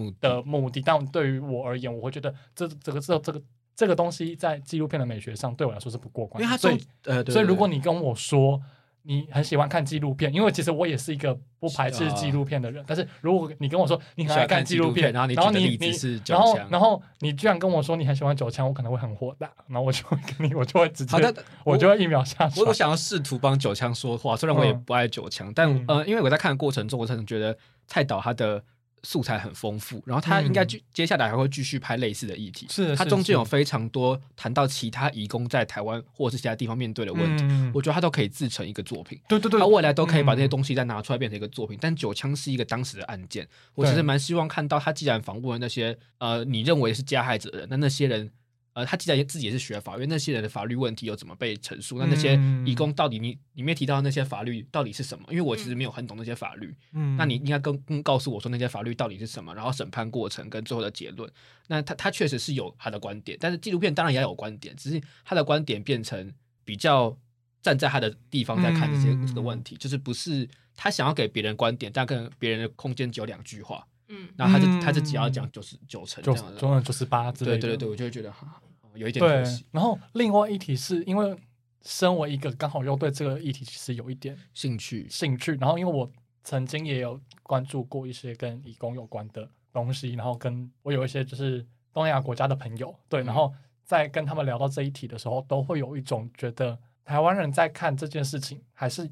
目的。嗯、但對於我而言，我會覺得這這個這這個。這這個這個東西在紀錄片的美學上對我來說是不過關的，所以、呃、對對對，所以如果你跟我說你很喜歡看紀錄片，因為其實我也是一個不排斥紀錄片的人，哦、但是如果你跟我說你很愛你喜歡看紀錄片，然後你然你然後你你你然後然後你居然跟我說你很喜歡九槍，我可能會很火大，然後我就會跟你我就會直接好的、啊，我就會一秒下。我我想要試圖幫九槍說話，雖然我也不愛九槍、嗯，但、嗯、呃，因為我在看的過程中，我才能覺得蔡導他的。素材很豐富，然後他應該、嗯、接下來還會繼續拍類似的議題。是的，他中間有非常多談到其他移工在台灣或者是其他地方面對的問題，嗯、我覺得他都可以自成一個作品。對對對，他未來都可以把這些東西再拿出來變成一個作品。嗯、但九槍是一個當時的案件，我其實蠻希望看到他既然訪問了那些呃，你認為是加害者的人，那那些人。呃，他既然自己也是學法律，因為那些人的法律問題有怎麼被陳述？那那些移工到底你裡面提到那些法律到底是什麼？因為我其實沒有很懂那些法律，嗯，那你應該跟，跟告訴我說那些法律到底是什麼，然後審判過程跟最後的結論。那他他確實是有他的觀點，但是紀錄片當然也有觀點，只是他的觀點變成比較站在他的地方在看這些個問題，嗯、就是不是他想要給別人觀點，但跟別人的空間只有兩句話。嗯，然後他就、嗯、他就只要講九十九層，就總要九十八之類的。對對對，我就會覺得哈，有一點東西。然後另外一題是因為身為一個剛好又對這個議題其實有一點興趣興趣，然後因為我曾經也有關注過一些跟理工有關的東西，然後跟我有一些就是東亞國家的朋友，對，然後在跟他們聊到這一題的時候，嗯、都會有一種覺得台灣人在看這件事情，還是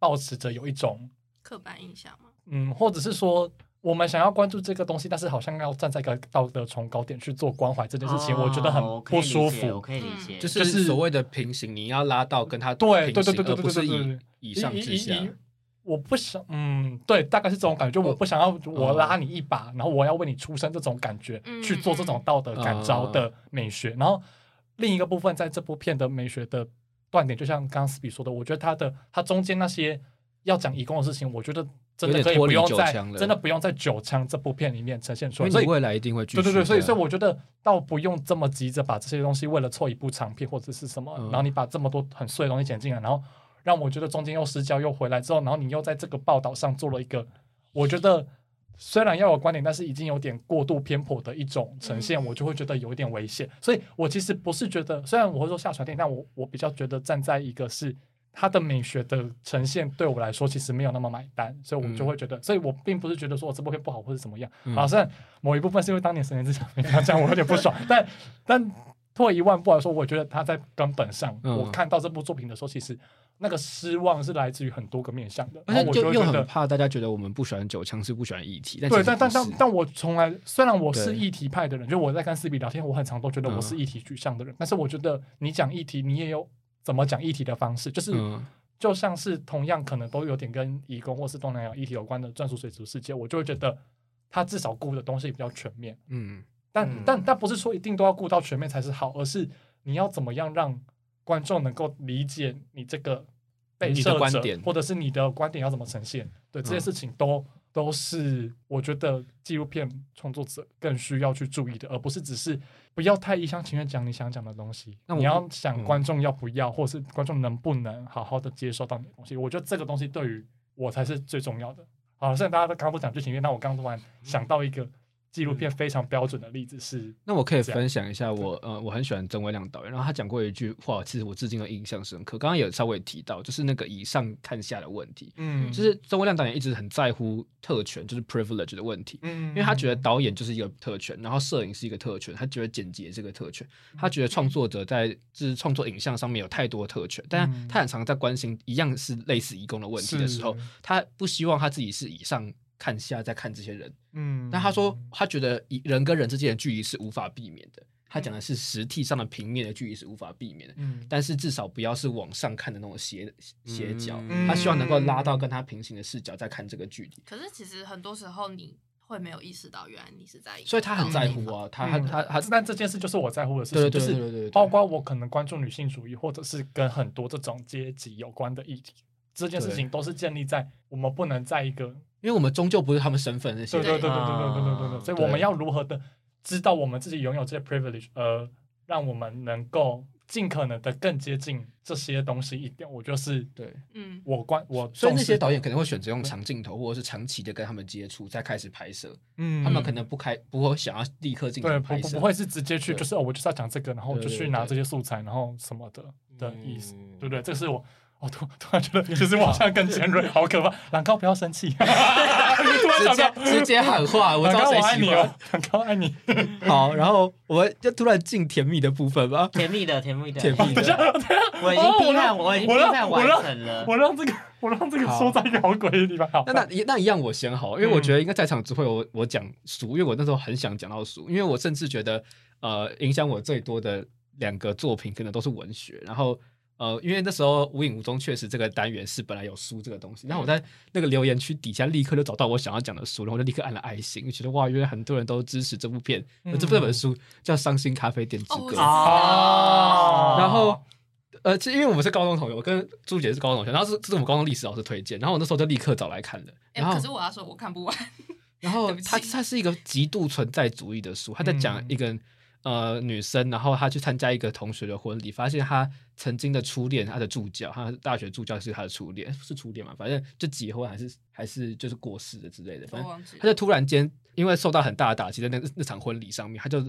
抱持着有一種刻板印象嗎？嗯，或者是說？我們想要關注這個東西，但是好像要站在一個道德崇高點去做關懷這件事情，哦、我覺得很不舒服。可以理解，以理解、就是，就是所謂的平行，你要拉到跟他對對對對對，不是以上至下。我不想，嗯，對，大概是這種感覺。哦、就我不想要我拉你一把、哦，然後我要為你出生這種感覺、哦、去做這種道德感召的美學。嗯嗯、然後另一個部分，在這部片的美學的斷點，就像剛剛斯比說的，我覺得他的他中間那些要講移工的事情，我覺得。真的可以不用在，真的不用在《九槍》這部片裡面呈現出來、嗯。所以未來一定會、啊、對對對，所以所以我覺得倒不用這麼急着把這些東西為了湊一部長片或者是什麼、嗯，然後你把這麼多很碎的東西剪進來，然後讓我覺得中間又失焦又回來之後，然後你又在這個報道上做了一個，我覺得雖然要有觀點，但是已經有點過度偏頗的一種呈現、嗯，我就會覺得有一點危險。所以我其實不是覺得，雖然我會說下船電，但我我比較覺得站在一個是。他的美學的呈現，對我來說其實沒有那麼買單，所以我們就會覺得、嗯，所以我並不是覺得說我這部片不好或者怎麼樣。嗯。好，像某一部分是因為當年神《神犬之前，這樣我有點不爽， 但但退一萬步來說，我覺得他在根本上、嗯，我看到這部作品的時候，其實那個失望是來自於很多個面向的。而然後我就又，又很怕大家覺得我們不喜歡九槍，是不喜歡議題。但對，但但但但我從來雖然我是議題派的人，就我在跟斯比聊天，我很常都覺得我是議題取向的人、嗯，但是我覺得你講議題，你也有。怎麼講議題的方式，就是、嗯、就像是同樣可能都有點跟移工或是東南亞議題有關的專屬水族世界，我就會覺得他至少顧的東西比較全面。嗯，但嗯但但不是說一定都要顧到全面才是好，而是你要怎麼樣讓觀眾能夠理解你這個被攝者的觀點，或者是你的觀點要怎麼呈現，對、嗯、這些事情都。都是我覺得紀錄片創作者更需要去注意的，而不是只是不要太一廂情願講你想講的東西。那你要想觀眾要不要，嗯、或是觀眾能不能好好的接受到你的東西？我覺得這個東西對於我才是最重要的。好，現在大家都剛剛都講劇情片，那我剛剛突然想到一個。紀錄片非常標準的例子是這樣子的，那我可以分享一下我呃、嗯、我很喜歡曾威亮導演，然後他講過一句話，其實我至今都印象深刻。剛剛也稍微提到，就是那個以上看下的問題。嗯，就是曾威亮導演一直很在乎特權，就是 privilege 的問題。嗯，因為他覺得導演就是一個特權，然後攝影是一個特權，他覺得剪輯是一個特權，他覺得創作者在、嗯、就是創作影像上面有太多特權，但他很常在關心一樣是類似移工的問題的時候，他不希望他自己是以上。看下再看這些人，嗯，但他說他覺得以人跟人之間的距離是無法避免的。嗯、他講的是實體上的平面的距離是無法避免的，嗯，但是至少不要是往上看的那種斜斜角，嗯。他希望能夠拉到跟他平行的視角再看這個距離。可是其實很多時候你會沒有意識到，原來你是在，所以他很在乎啊，他、嗯、他他、是、嗯，但這件事就是我在乎的事情，對對對對對，對，就是，包括我可能關注女性主義，或者是跟很多這種階級有關的議題，這件事情都是建立在我們不能在一個。因為我們終究不是他們身份的那些，對對對對對對對對、對、對、啊，所以我們要如何的知道我們自己擁有這些 privilege，呃，讓我們能夠盡可能的更接近這些東西一點。我就是對，嗯，我關我，所以那些導演肯定會選擇用長鏡頭或者是長期的跟他們接觸，再開始拍攝。嗯，他們可能不開不會想要立刻進行拍攝，對，不不、不會是直接去，就是、哦、我就是要講這個，然後就去拿這些素材，對對對對，然後什麼的的意思、嗯，對不對？這是我。我、哦、突突然覺得，其實我這跟更尖銳，好可怕！蘭、嗯、高不要生氣， 直接喊話，我知道誰喜歡我愛你哦，蘭 高愛你。 好，然後我們就突然進甜蜜的部分吧，甜蜜的，甜蜜的，甜蜜的。我已經批判、哦，我已經批判完成了我我，我讓這個，我讓這個收在搖滾裡面。好，那那那一樣我先好，因為我覺得應該在場只會有我講書、嗯，因為我那時候很想講到書，因為我甚至覺得，呃，影響我最多的兩個作品可能都是文學，然後。呃，因為那時候無影無蹤，確實這個單元是本來有書這個東西。然後我在那個留言區底下立刻就找到我想要講的書，然後我就立刻按了愛心，覺得哇，原來很多人都支持這部片，這、嗯、部這本書叫《傷心咖啡店之歌》哦、啊。然後呃，其實因為我們是高中同學，我跟柱柱姐是高中同學，然後是這是我們高中歷史老師推薦，然後我那時候就立刻找來看的。然後、欸、可是我要說我看不完。然後， 然後它它是一個極度存在主義的書，他在講一個、嗯呃，女生，然後她去參加一個同學的婚禮，發現她曾經的初戀，她的助教，她是大學助教，是她的初戀，是初戀嘛？反正就結婚還是還是就是過世的之類的，反正她就突然間因為受到很大的打擊，在那那場婚禮上面，她就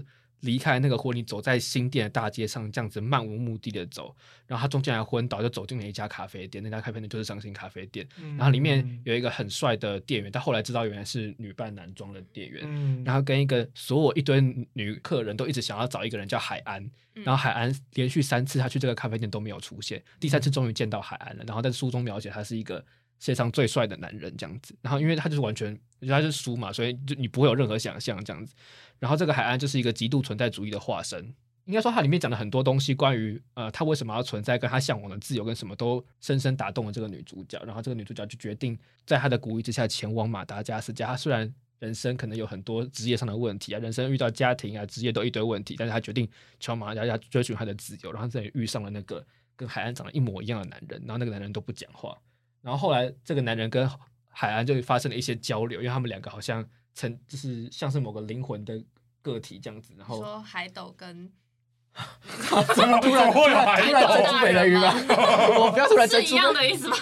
離開那個婚禮，走在新店的大街上，這樣子漫無目的的走，然後他中間還昏倒，就走進了一家咖啡店。那家咖啡店就是傷心咖啡店。嗯，然後裡面有一個很帥的店員，但後來知道原來是女扮男裝的店員。嗯、然後跟一個所有一堆女客人都一直想要找一個人叫海安、嗯，然後海安連續三次他去這個咖啡店都沒有出現，第三次終於見到海安了。然後在書中描寫他是一個世界上最帥的男人這樣子。然後因為他就是完全，他就是書嘛，所以就你不會有任何想象這樣子。然後這個海岸就是一個極度存在主義的化身，應該說它裡面講了很多東西，關於呃，他為什麼要存在，跟他向往的自由跟什麼都深深打動了這個女主角。然後這個女主角就決定在他的鼓勵之下前往馬達加斯加。她雖然人生可能有很多職業上的問題啊，人生遇到家庭啊，職業都有一堆問題，但是她決定去馬達加斯加追尋她的自由。然後這裡遇上了那個跟海岸長得一模一樣的男人，然後那個男人都不講話。然後後來這個男人跟海岸就發生了一些交流，因為他們兩個好像。成就是像是某個靈魂的個體這樣子，然後說海斗跟 、啊、怎麼海斗突然會有突然會美人魚嗎？ 我不要突然成一樣的意思嗎？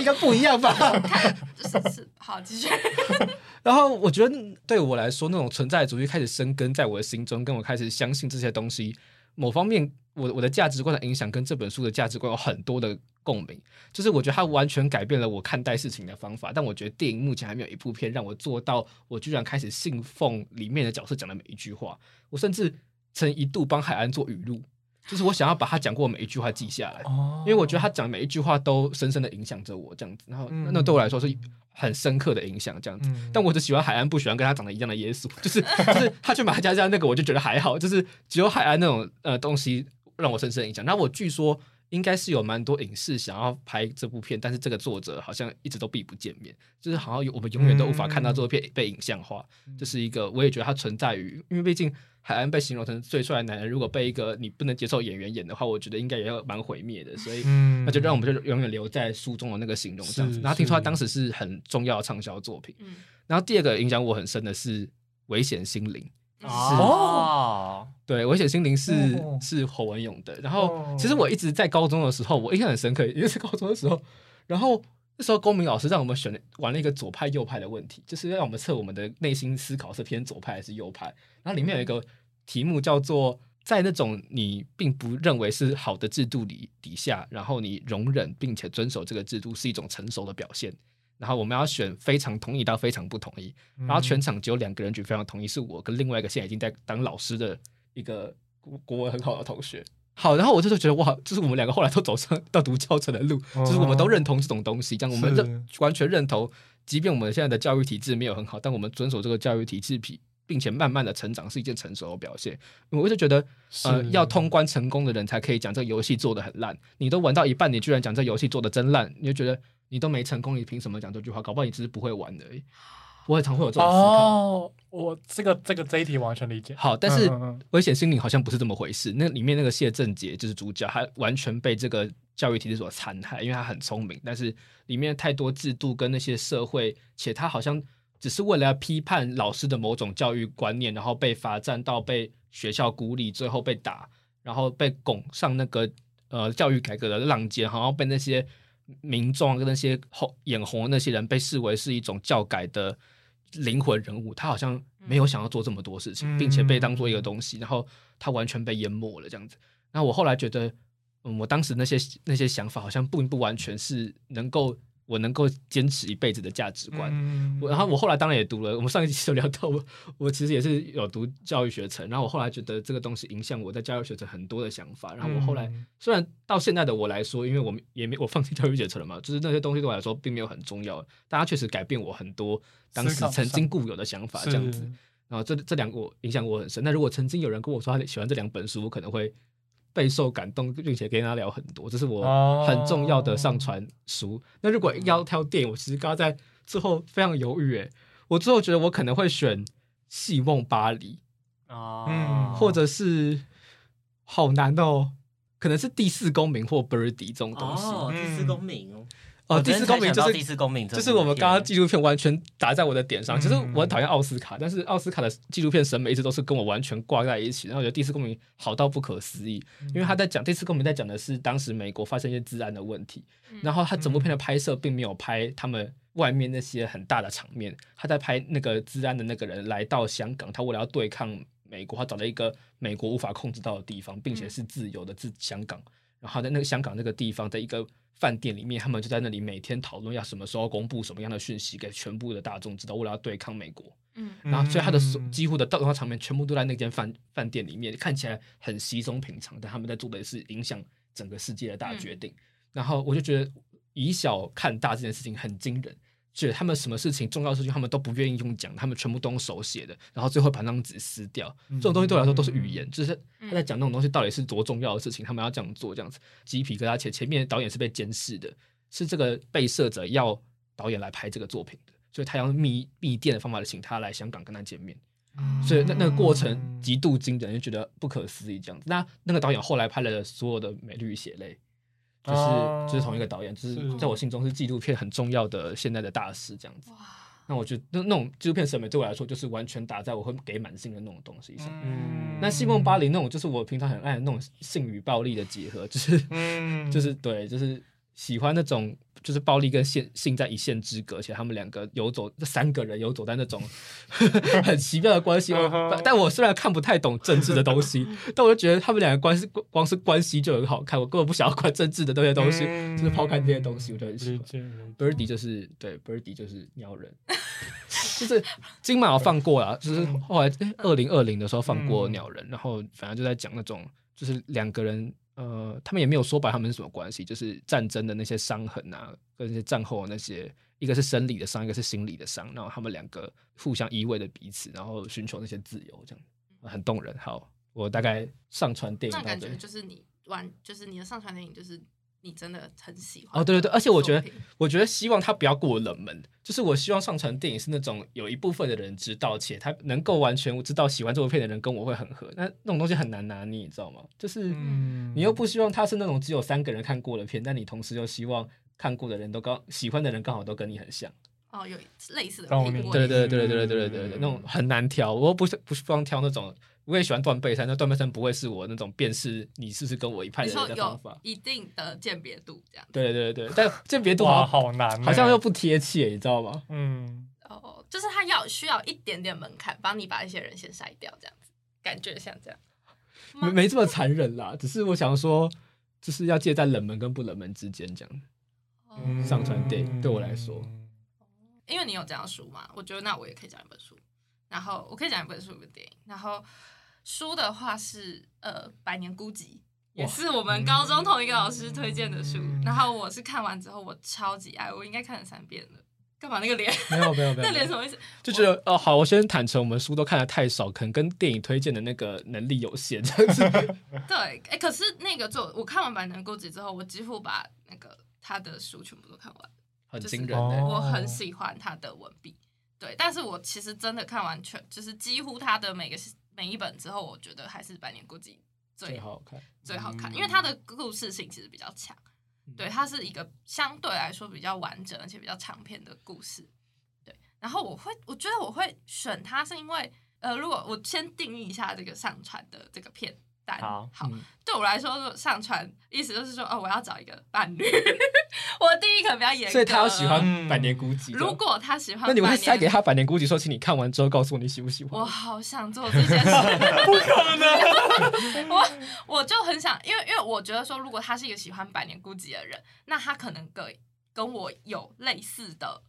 應 該不一樣吧？ 看就是是好繼續。 然後我覺得對我來說，那種存在主義開始生根在我的心中，跟我開始相信這些東西。某方面，我我的價值觀的影響跟這本書的價值觀有很多的共鳴，就是我覺得它完全改變了我看待事情的方法。但我覺得電影目前還沒有一部片讓我做到，我居然開始信奉裡面的角色講的每一句話。我甚至曾一度幫海安做語錄。就是我想要把他講過每一句話記下來，oh, 因為我覺得他講每一句話都深深的影響着我這樣子，然後、嗯、那對我來說是很深刻的影響這樣子。嗯、但我只喜歡海安，不喜歡跟他長得一樣的耶穌，就是就是他去買家家那個，我就覺得還好，就是只有海安那種呃東西讓我深深的影響。那我據說應該是有蠻多影視想要拍這部片，但是這個作者好像一直都避不見面，就是好像我們永遠都無法看到這部片被影像化。這、嗯就是一個，我也覺得它存在於，因為畢竟。海安被形容成最帥的男人，如果被一個你不能接受演員演的話，我覺得應該也要蠻毀滅的。所以，那就讓我們就永遠留在書中的那個形容上。然後聽說他當時是很重要暢銷作品。然後第二個影響我很深的是《危險心靈》哦，對，《危險心靈》是是侯文詠的。然後其實我一直在高中的時候，我印象很深刻，因為是高中的時候。然後那時候公民老師讓我們選玩了一個左派右派的問題，就是讓我們測我們的內心思考是偏左派還是右派。然後裡面有一個。題目叫做，在那種你並不認為是好的制度裡底下，然後你容忍並且遵守這個制度是一種成熟的表現。然後我們要選非常同意到非常不同意，然後全場只有兩個人舉非常同意，是我跟另外一個現在已經在當老師的一個國文很好的同學。好，然後我就是覺得哇，就是我們兩個後來都走上到讀教程的路，就是我們都認同這種東西，這樣我們認完全認同，即便我們現在的教育體制沒有很好，但我們遵守這個教育體制比。並且慢慢的成長是一件成熟的表現。我一直覺得，呃，要通關成功的人才可以講這遊戲做得很爛。你都玩到一半，你居然講這遊戲做的真爛，你就覺得你都沒成功，你憑什麼講這句話？搞不好你只是不會玩而已。我也常會有這種思考。哦，我這個這個這一題完全理解。好，但是《危險心靈》好像不是這麼回事。嗯嗯嗯，那裡面那個謝正杰就是主角，他完全被這個教育體制所殘害，嗯，因為他很聰明，但是裡面太多制度跟那些社會，且他好像。只是為了要批判老師的某種教育觀念，然後被罰站到被學校孤立，最後被打，然後被拱上那個呃教育改革的浪尖，好像被那些民眾跟那些紅眼紅的那些人被視為是一種教改的靈魂人物。他好像沒有想要做這麼多事情，嗯、並且被當做一個東西，然後他完全被淹沒了這樣子。那我後來覺得，嗯、我當時那些那些想法好像並不，不完全是能夠。我能夠堅持一輩子的價值觀，嗯、我然後我後來當然也讀了，我們上一期就聊到我，我其實也是有讀教育學程，然後我後來覺得這個東西影響我在教育學程很多的想法，然後我後來、嗯、雖然到現在的我來說，因為我們也沒我放棄教育學程了嘛，就是那些東西對我來說並沒有很重要，但它確實改變我很多當時曾經固有的想法這樣子，然後這這兩個我影響我很深。那如果曾經有人跟我說他喜歡這兩本書，我可能會。備受感動，並且跟他聊很多，這是我很重要的上船書。Oh. 那如果要挑電影，我其實剛在最後非常猶豫，哎，我最後覺得我可能會選《戲夢巴黎》嗯，oh. 或者是好難哦，可能是第《oh, 第四公民》或、嗯《Birdy》這種東西，《第四公民》哦，《第四公民》就是《第四公民》，就是我們剛剛紀錄片完全打在我的點上。嗯、其實我很討厭奧斯卡、嗯，但是奧斯卡的紀錄片審美一直都是跟我完全掛在一起。嗯、然後我覺得《第四公民》好到不可思議、嗯，因為他在講《第四公民》在講的是當時美國發生一些資安的問題、嗯。然後他整部片的拍攝並沒有拍他們外面那些很大的場面，嗯、他在拍那個資安的那個人來到香港，他為了要對抗美國，他找了一個美國無法控制到的地方，並且是自由的、嗯、自香港。然後在那個香港那個地方的一個。飯店裡面，他們就在那裡每天討論要什麼時候公布什麼樣的訊息給全部的大眾知道，為了要對抗美國。嗯，然後所以他的幾乎的對話，嗯，場面全部都在那間飯飯店裡面，看起來很稀鬆平常，但他們在做的是影響整個世界的大決定，嗯。然後我就覺得以小看大這件事情很驚人。就是他們什麼事情，重要的事情，他們都不願意用講，他們全部都用手寫的，然後最後把那張紙撕掉。這種東西對我來說都是語言，就是他在講那種東西到底是多重要的事情，他們要這樣做這樣子。雞皮疙瘩，且前面導演是被監視的，是這個被攝者要導演來拍這個作品的，所以他用密閉電的方法請他來香港跟他見面。所以那那個過程極度驚人，就覺得不可思議這樣子，那那個導演後來拍了所有的美類《美麗與血淚》。就是就是同一個導演，uh, 就是在我心中是紀錄片很重要的現在的大師這樣子。那我覺得那那種紀錄片審美對我來說就是完全打在我會給滿星的那種東西上。嗯、那《戲夢巴黎》那種就是我平常很愛的那種性與暴力的結合，就是、嗯、就是對，就是。喜歡那種就是暴力跟性性在一線之隔，且他們兩個游走，這三個人游走在那種 很奇妙的關係、哦。但我雖然看不太懂政治的東西， 但我就覺得他們兩個關係光是關係就很好看。我根本不想要管政治的這些東西，就是拋開這些東西，我就很喜歡。 Birdy 就是對 Birdy 就是鳥人， 就是金馬我放過啦、啊，就是後來二零二零的時候放過鳥人， 然後反正就在講那種就是兩個人。呃，他們也沒有說白他們是什麼關係，就是戰爭的那些傷痕啊，跟那些戰後那些，一個是生理的傷，一個是心理的傷，然後他們兩個互相依偎着彼此，然後尋求那些自由，這樣很動人。好，我大概上船電影，那感覺就是你玩，就是你的上船電影就是。你真的很喜歡哦。對對對，而且我覺得，我覺得希望他不要過冷門，就是我希望上船電影是那種有一部分的人知道，且他能夠完全知道喜歡這部片的人跟我會很合。那那種東西很難拿捏，你知道嗎？就是、嗯、你又不希望他是那種只有三個人看過的片，但你同時又希望看過的人都剛喜歡的人剛好都跟你很像。哦，有類似的片對，對，對對對對對對對對，嗯、那種很難挑，我又不是不是光挑那種。我也喜歡斷背山，那斷背山不會是我那種辨識你是不是跟我一派的人的方法，你說有一定的鑑別度這樣。對對對，但鑑別度好好難，好像又不貼切，你知道嗎？嗯，哦、oh，就是他要需要一點點門檻，幫你把一些人先篩掉，這樣子感覺像這樣，沒沒這麼殘忍啦。 只是我想說，就是要介在冷門跟不冷門之間這樣。嗯、上船電影對我來說、嗯，因為你有這樣書嘛，我覺得那我也可以講一本書，然後我可以講一本書跟電影，然後。書的話是呃《百年孤寂》，也是我們高中同一個老師推薦的書、嗯。然後我是看完之後，我超級愛，我應該看了三遍了。幹嘛那個臉？沒有沒有沒有。 那臉什麼意思？就覺得哦，好，我先坦誠，我們書都看得太少，可能跟電影推薦的那個能力有限。 對，哎、欸，可是那個作我看完《百年孤寂》之後，我幾乎把那個他的書全部都看完，很驚人、就是哦。我很喜歡他的文筆，對，但是我其實真的看完全，就是幾乎他的每個。每一本之後，我覺得還是百年孤寂最，最好看，最好看，嗯，因為它的故事性其實比較強，嗯。對，它是一個相對來說比較完整而且比較長篇的故事。對，然後我會，我覺得我會選它，是因為，呃，如果我先定義一下這個上船的這個片。好，好、嗯，對我來說上船意思就是說，哦，我要找一個伴侶， 我第一可能比較嚴，所以他要喜歡《百年孤寂》，嗯。如果他喜歡，那你會塞給他《百年孤寂》，說，請你看完之後告訴我你喜不喜歡。我好想做這件事， 不可能。 我我就很想，因為因為我覺得說，如果他是一個喜歡《百年孤寂》的人，那他可能跟跟我有類似的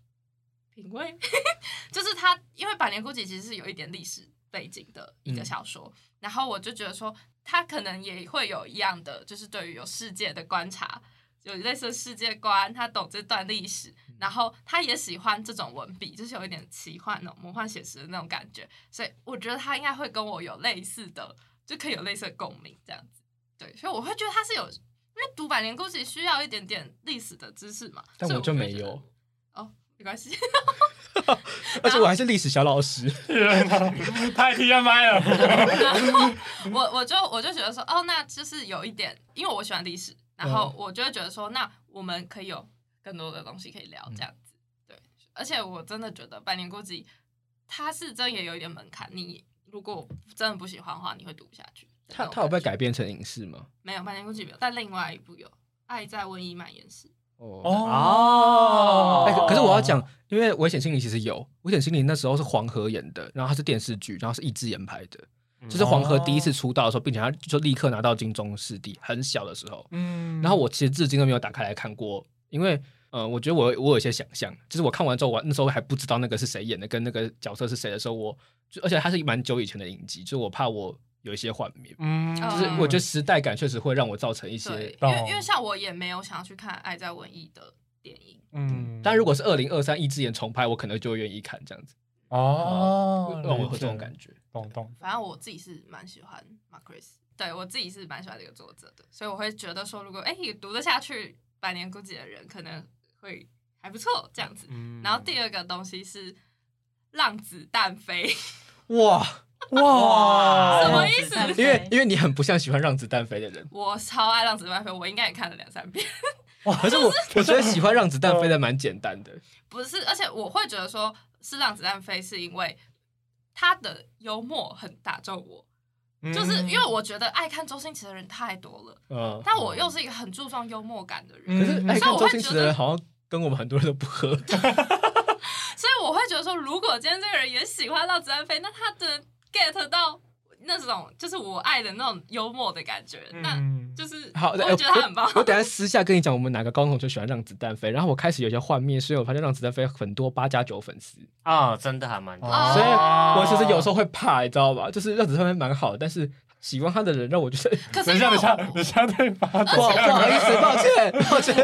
品味， 就是他因為《百年孤寂》其實是有一點歷史背景的一個小說，嗯、然後我就覺得說。他可能也會有一樣的，就是對於有世界的觀察，有類似世界觀，他懂這段歷史，然後他也喜歡這種文筆，就是有一點奇幻、的、魔幻寫實的那種感覺，所以我覺得他應該會跟我有類似的，就可以有類似的共鳴這樣子。對，所以我會覺得他是有，因為讀百年孤寂需要一點點歷史的知識嘛，但我就沒有，哦，沒關係。 而且我還是歷史小老師， 太 TMI 了。 然後我我就我就覺得說，哦，那就是有一點，因為我喜歡歷史，然後我就會覺得說、嗯，那我們可以有更多的東西可以聊，這樣子。對，而且我真的覺得《百年孤寂》它是真的也有一點門檻，你如果真的不喜歡的話，你會讀不下去。它它有被改編成影視嗎？沒有，《百年孤寂》沒有，但另外一部有《愛在瘟疫蔓延時》oh, okay. 哦。哦哦、欸，可是我要講。哦因為《危險心靈》其實有《危險心靈》，那時候是黃河演的，然後它是電視劇，然後是一支演拍的，就是黃河第一次出道的時候，並且他就立刻拿到金鐘視帝，很小的時候。嗯。然後我其實至今都沒有打開來看過，因為呃，我覺得我我有一些想象，就是我看完之後，我那時候還不知道那個是誰演的，跟那個角色是誰的時候，我，就而且它是蠻久以前的影集，就是我怕我有一些幻滅、嗯，就是我覺得時代感確實會讓我造成一些。嗯、對，因為因為像我也沒有想要去看《愛在文藝》的。電影，嗯，但如果是二零二三《一只眼》重拍，我可能就會願意看這樣子哦，我、嗯嗯、有這種感覺，懂懂、懂。反正我自己是蠻喜歡馬奎斯。對，我自己是蠻喜歡這個作者的，所以我會覺得說，如果哎、欸、你讀得下去《百年孤寂》的人，可能會還不錯這樣子，嗯。然後第二個東西是《讓子彈飛》。哇，哇哇， 什麼意思？因為因為你很不像喜歡《讓子彈飛》的人，我超愛《讓子彈飛》，我應該也看了兩三遍。哇！可是我、就是、我覺得喜歡讓子彈飛的蠻簡單的， 不是。而且我會覺得說是讓子彈飛是因為他的幽默很打中我，嗯、就是因為我覺得愛看周星馳的人太多了、嗯，但我又是一個很注重幽默感的人，嗯、可是所以我會覺得周星馳好像跟我們很多人都不合， 所以我會覺得說，如果今天這個人也喜歡讓子彈飛，那他的 get 到那種就是我愛的那種幽默的感覺，嗯、那。就是好的，我覺得他很棒。欸、我，我等下私下跟你講，我們哪個高中同學喜歡讓子彈飛，然後我開始有些幻滅，所以我發現讓子彈飛很多八加九粉絲啊，oh, 真的還蠻多。Oh. 所以，我其實有時候會怕，你知道吧？就是讓子彈飛蠻好的，但是喜歡他的人讓我覺得。可是我下，等一下，等一下，對不起，抱歉，抱歉。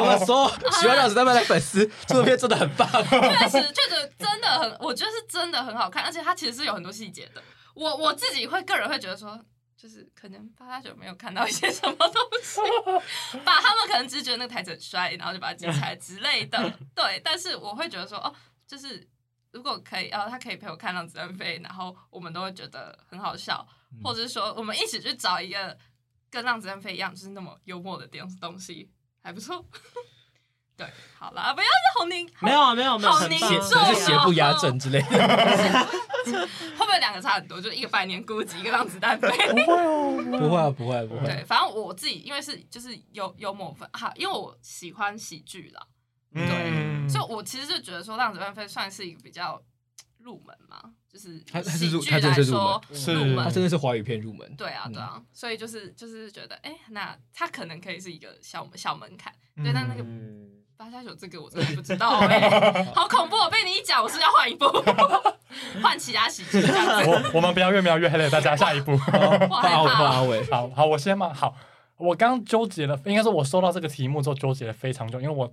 我們說喜歡讓子彈飛的粉絲，這 部片真的很棒。確實，確實，確實真的很，我覺得是真的很好看，而且它其實是有很多細節的。我我自己會個人會覺得說。就是可能八九沒有看到一些什麼東西， 把他們可能只覺得那個台子很帥，然後就把它剪起來之類的。 對，但是我會覺得說，哦，就是如果可以，然、哦、後他可以陪我看《讓子彈飛》，然後我們都會覺得很好笑，或者是說我們一起去找一個跟《讓子彈飛》一樣就是那麼幽默的電東西，還不錯。 對，好啦，不要是紅寧，沒有啊，沒有沒有，是邪不壓正之類的。 會不會兩個差很多，就一個百年孤寂，一個讓子彈飛、 啊。不會哦，啊，不會，啊，不會，不會。對，反正我自己因為是就是有有某份哈，啊，因為我喜歡喜劇啦，對，嗯，所以我其實就覺得說讓子彈飛算是一個比較入門嘛，就是喜劇來說是入是入，入門，他真的是華語片入門。對啊，對啊，嗯，所以就是就是覺得哎，欸，那他可能可以是一個小小門檻，對，嗯，但那個。八加九，這個我真的不知道、欸， 好恐怖、哦！我被你一講，我是要換一部，換 其他喜劇。 我我們不要越描越黑了，大家下一部。哦、好好,好,好，我先嘛。好，我剛糾結了，應該說我收到這個題目之後糾結了非常久，因為我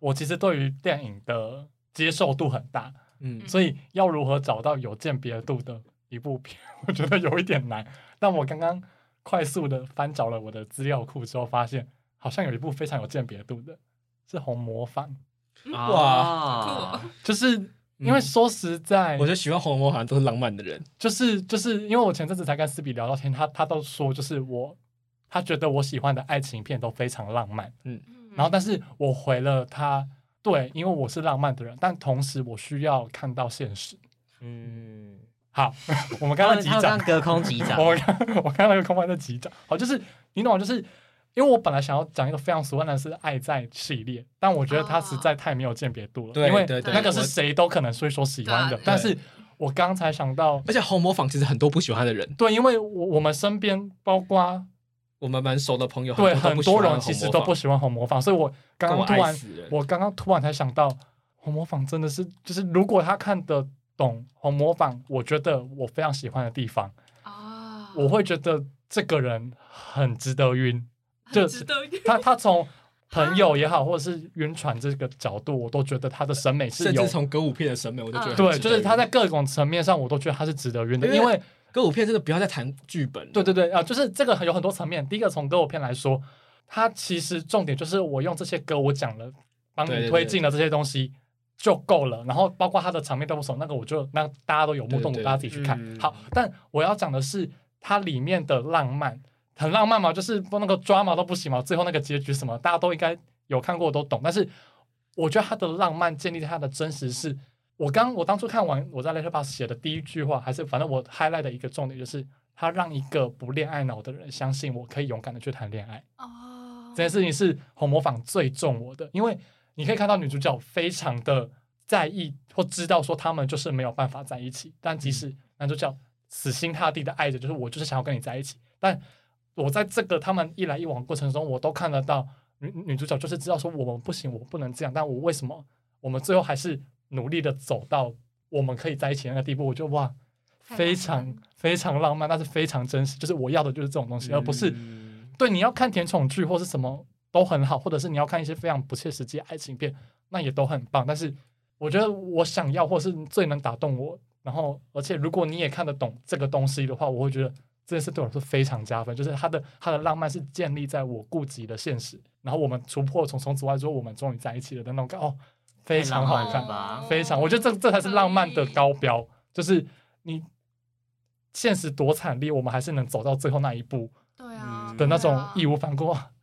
我其實對於電影的接受度很大，嗯，所以要如何找到有鑑別度的一部片，我覺得有一點難。但我剛剛快速的翻找了我的資料庫之後，發現好像有一部非常有鑑別度的。是紅磨坊哇，就是因為說實在，我覺得喜歡紅磨坊都是浪漫的人。就是就是，因為我前陣子才跟斯比聊到天，他他都說就是我，他覺得我喜歡的愛情片都非常浪漫。嗯，然後但是我回了他，對，因為我是浪漫的人，但同時我需要看到現實。嗯，好，我們剛剛擊掌，隔空擊掌，我我剛剛有空翻在擊掌。好，就是你懂，就是。因為我本來想要講一個非常喜歡的是愛在系列，但我覺得他實在太沒有鑑別度了。對、oh.，因為那個是誰都可能所以說喜歡的。但是，我剛才想到，而且紅磨坊其實很多不喜歡的人。對，因為我，我們身邊包括我們蠻熟的朋友的，對很多人其實都不喜歡紅磨坊。所以我剛剛突然，我剛剛突然才想到，紅磨坊真的是，就是如果他看得懂紅磨坊，我覺得我非常喜歡的地方、oh. 我會覺得這個人很值得暈。就是他，他從朋友也好，或者是暈船這個角度，我都覺得他的審美是有。甚至從歌舞片的審美，我就覺得，得對，就是他在各種層面上，我都覺得他是值得暈的。因為歌舞片這個不要再談劇本。對對對啊，就是這個有很多層面。第一個從歌舞片來說，它其實重點就是我用這些歌，我講了，幫你推進了這些東西就夠了。對對對，然後包括他的場面都不熟，那個我就那大家都有目共睹，對對對，我大家自己去看。嗯、好，但我要講的是它裡面的浪漫。很浪漫嘛，就是不那個 drama 嘛都不行嘛。最後那個結局什麼，大家都應該有看過，都懂。但是我覺得他的浪漫建立在他的真實。是，我剛我當初看完我在 Letterboxd 寫的第一句話，還是反正我 highlight 的一個重點，就是他讓一個不戀愛腦的人相信，我可以勇敢的去談戀愛。Oh. 這件事情是紅磨坊最重我的，因為你可以看到女主角非常的在意，或知道說他們就是沒有辦法在一起。但即使男主角死心塌地的愛着，就是我就是想要跟你在一起，但我在這個他們一來一往過程中，我都看得到女女主角就是知道說我們不行，我不能這樣，但我為什麼我們最後還是努力的走到我們可以在一起的那個地步？我就哇，非常非常浪漫，但是非常真實。就是我要的就是這種東西，而不是對，你要看甜寵劇或是什麼都很好，或者是你要看一些非常不切實際愛情片，那也都很棒。但是我覺得我想要，或是最能打動我，然後而且如果你也看得懂這個東西的話，我會覺得。這件事對我來說非常加分，就是他的他的浪漫是建立在我顧及的現實，然後我們突破重重阻礙之後，我們終於在一起了的那種感，哦，非常好看，非常，我覺得這這才是浪漫的高標，就是你現實多慘烈，我們還是能走到最後那一步，對啊，的那種義無反顧。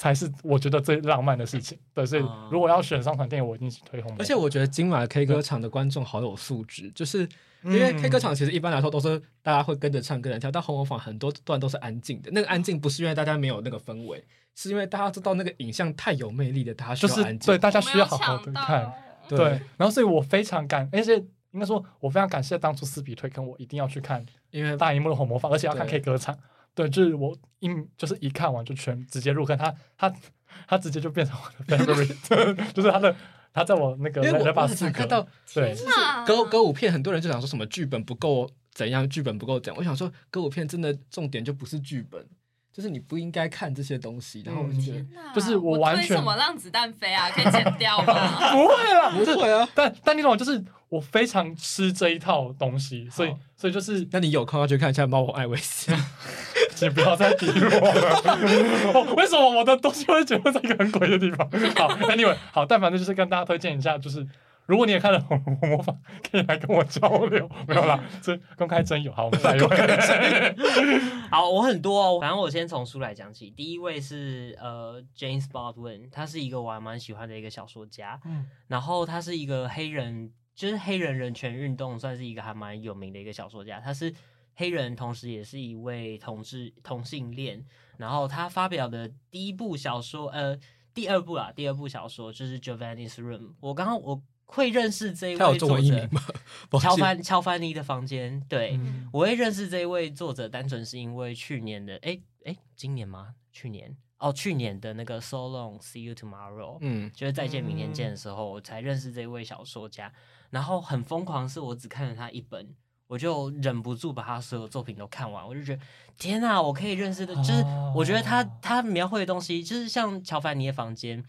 才是我覺得最浪漫的事情，對。所以如果要選上船電影，嗯，我一定是推紅魔。而且我覺得今晚 K 歌場的觀眾好有素質，就是因為 K 歌場其實一般來說都是大家會跟着唱歌，人跳、嗯，但紅磨坊很多段都是安靜的。那個安靜不是因為大家沒有那個氛圍，是因為大家知道那個影像太有魅力的，大家需要安靜，就是，對大家需要好好的看對。對，然後所以我非常感，而且應該說，我非常感謝當初斯比推坑我一定要去看，因為大螢幕的紅磨坊，而且要看 K 歌場。對，就是我一就是一看完就全直接入坑，他他他直接就變成我的 favorite， 就是他的他在我那個 n e 巴 f 看到，對，就是，歌歌舞片很多人就想說什麼劇本不夠怎樣，劇本不夠怎樣，我想說歌舞片真的重點就不是劇本，就是你不應該看這些東西，然後就得，就是我完全我什麼讓子彈飛啊可以剪掉嗎？ 不會啦， 不會啊，就是，但但那種就是我非常吃這一套東西，所以所以就是那你有空要去看一下《把我愛老鼠。》 你 不要再提我了。 為什麼我的東西會覺得在一個很鬼的地方？好，Anyway， 哎、好，但反正就是跟大家推薦一下，就是如果你也看了《紅磨坊》，可以來跟我交流，沒有啦，這公開徵友，好，我們拜拜。 徵友 好，我很多哦，反正我先從書來講起。第一位是呃，James Baldwin，他是一個我還蠻喜歡的一個小說家、嗯，然後他是一個黑人，就是黑人人權運動算是一個還蠻有名的一個小說家，他是。黑人同時也是一位同志同性戀，然後他發表的第一部小說，呃，第二部啦、啊，第二部小說就是 Giovanni's Room。我剛剛我會認識這一位作者，喬凡喬凡尼的房間。對、嗯、我會認識這一位作者，單純是因為去年的，哎、欸、哎、欸，今年嗎？去年哦，去年的那個 So Long, See You Tomorrow。嗯，就是再見，明天見的時候、嗯，我才認識這一位小說家。然後很瘋狂，是我只看了他一本。我就忍不住把他所有作品都看完，我就覺得天哪，我可以認識的，就是我覺得他他描繪的東西，就是像喬凡尼的房間，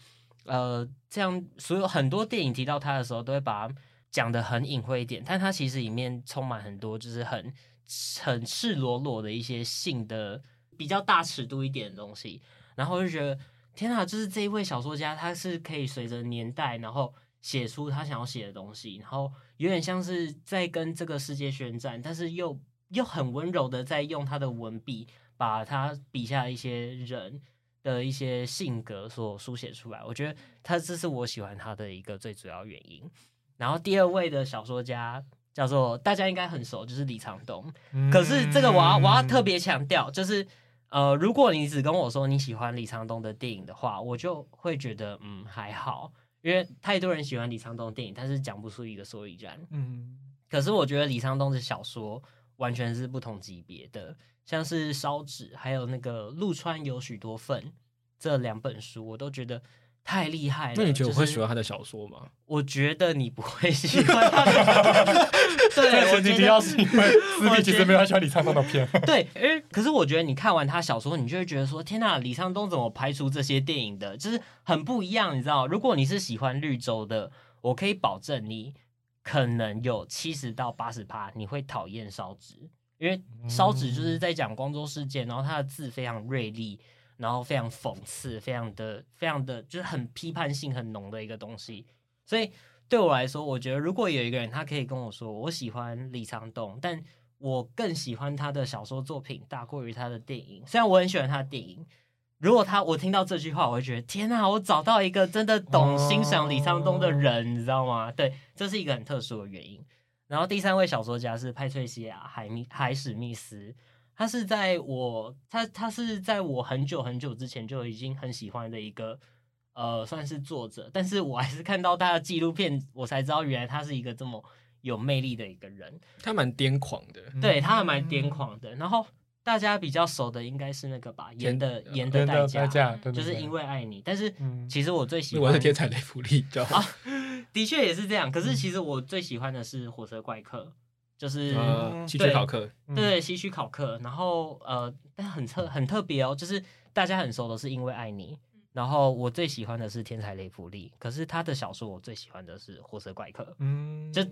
呃，這樣所有很多電影提到他的時候，都會把它講得很隱晦一點，但他其實裡面充滿很多就是很很赤裸裸的一些性的比較大尺度一點的東西，然後我就覺得天哪，就是這一位小說家，他是可以隨着年代，然後。寫出他想要寫的東西，然後有點像是在跟這個世界宣戰，但是又又很溫柔的在用他的文筆把他筆下一些人的一些性格所書寫出來。我覺得他這是我喜歡他的一個最主要原因。然後第二位的小說家叫做大家應該很熟，就是李滄東。嗯、可是這個我要我要特別強調，就是呃，如果你只跟我說你喜歡李滄東的電影的話，我就會覺得嗯，還好。因為太多人喜歡李滄東的電影，但是講不出一個所以然。嗯，可是我覺得李滄東的小說完全是不同級別的，像是《燒紙》還有那個《鹿川有許多糞》這兩本書，我都覺得。太厲害了！那你覺得我會喜歡他的小說嗎？就是、我覺得你不會喜歡。他的小說。哈！哈哈！哈哈！對， 我覺得你比較喜歡。 我覺得 斯比其實沒有他喜歡李滄東的片。 對因為，可是我覺得你看完他小說，你就會覺得說：“天哪，李滄東怎麼拍出這些電影的？”就是很不一樣，你知道？如果你是喜歡《綠洲》的，我可以保證你可能有七十到八十趴你會討厭燒紙，因為燒紙就是在講光州事件，然後他的字非常銳利。然後非常諷刺，非常的、非常的就是很批判性很濃的一個東西。所以對我來說，我覺得如果有一個人他可以跟我說，我喜歡李滄東，但我更喜歡他的小說作品大過於他的電影。雖然我很喜歡他的電影，如果他我聽到這句話，我會覺得天哪、啊，我找到一個真的懂欣賞李滄東的人，你知道嗎？對，這是一個很特殊的原因。然後第三位小說家是派翠西亞·海密海史密斯。他是在我他他是在我很久很久之前就已經很喜歡的一個呃算是作者，但是我還是看到他的紀錄片，我才知道原來他是一個這麼有魅力的一個人。他蠻癲狂的，嗯、對他還蠻癲狂的、嗯。然後大家比較熟的應該是那個吧，鹽的《鹽的代價》呃，那代價，對對對，就是因為愛你。但是其實我最喜歡的是《天才雷普利》啊，的確也是這樣。可是其實我最喜歡的是《火車怪客》。就是、嗯對嗯、對希區考克，嗯、對希區考克。然後呃，但很特很特別哦，就是大家很熟，都是因為愛你。然後我最喜歡的是天才雷普利，可是他的小說我最喜歡的是火車怪客。嗯，就是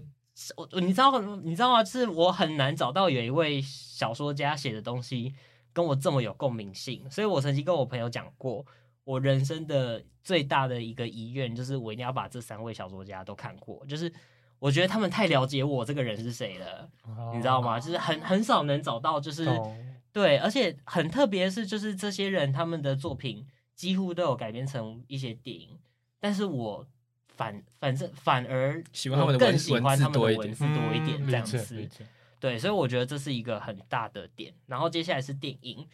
我你知道你知道嗎？就是我很難找到有一位小說家寫的東西跟我這麼有共鳴性，所以我曾經跟我朋友講過，我人生的最大的一個遺願就是我一定要把這三位小說家都看過，就是。我覺得他們太了解我這個人是誰了，oh. 你知道嗎？就是很很少能找到，就是、oh. 對，而且很特別的是，就是這些人他們的作品幾乎都有改編成一些電影，但是我反反正反而更喜歡他們的文字多一點，文字多一點這樣子、嗯，對，所以我覺得這是一個很大的點。然後接下來是電影，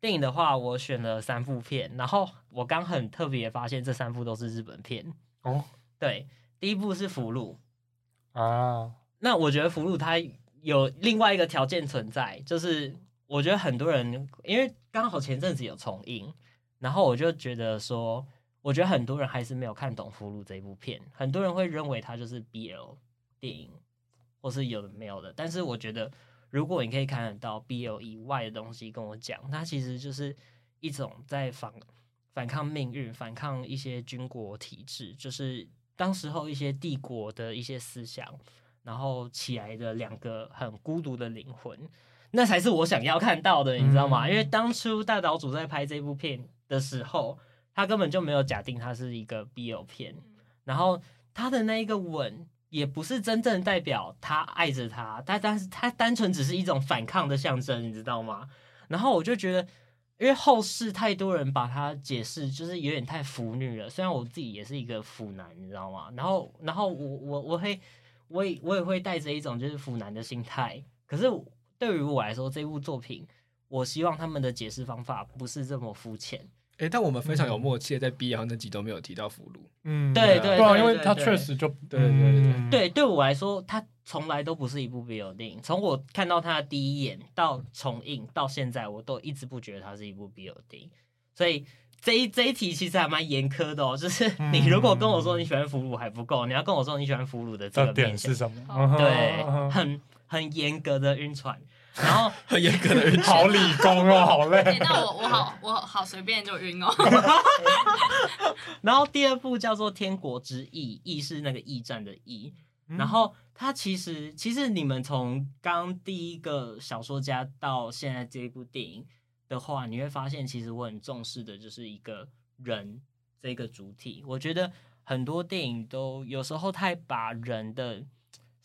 電影的話我選了三部片，然後我剛很特別發現這三部都是日本片哦，oh. 對，第一部是俘《俘、嗯、虜》。啊，那我覺得《俘虜》它有另外一個條件存在，就是我覺得很多人，因為剛好前陣子有重映，然後我就覺得說，我覺得很多人還是沒有看懂《俘虜》這一部片，很多人會認為它就是 BL 電影，或是有的沒有的。但是我覺得，如果你可以看得到 BL 以外的東西，跟我講，它其實就是一種在反反抗命運、反抗一些軍國體制，就是。當時候一些帝國的一些思想，然後起來的兩個很孤獨的靈魂，那才是我想要看到的，你知道嗎？因為當初大島渚在拍這部片的時候，他根本就沒有假定他是一個 BL 片，然後他的那一個吻也不是真正代表他愛着他，但但是他單純只是一種反抗的象徵，你知道嗎？然後我就覺得。因為後世太多人把它解釋，就是有點太腐女了。雖然我自己也是一個腐男，你知道嗎？然後，然後我我我會，我也我也會帶着一種就是腐男的心態。可是對於我來說，這部作品，我希望他們的解釋方法不是這麼膚淺。誒、欸，但我們非常有默契的，嗯，在畢業後那集都沒有提到俘虜。嗯，對對、啊，對、啊，因為他確實就，嗯、對，對對對對、嗯、對，對我來說他。從來都不是一部 BL 電影。從我看到他的第一眼到重映到現在，我都一直不覺得它是一部 BL 電影。所以這一這一題其實還蠻嚴苛的哦。就是你如果跟我說你喜歡俘虜還不夠，你要跟我說你喜歡俘虜的這個點是什麼？對，哦、呵呵很很嚴格的暈船，然後很嚴格的暈船。好理工哦，好累。那我我，我好我好，好隨便就暈哦。 然後第二部叫做《天國之驛》，驛是那個驛站的驛、嗯，然後。他其實，其實你們從剛，剛第一個小說家到現在這一部電影的話，你會發現，其實我很重視的就是一個人這個主體。我覺得很多電影都有時候太把人的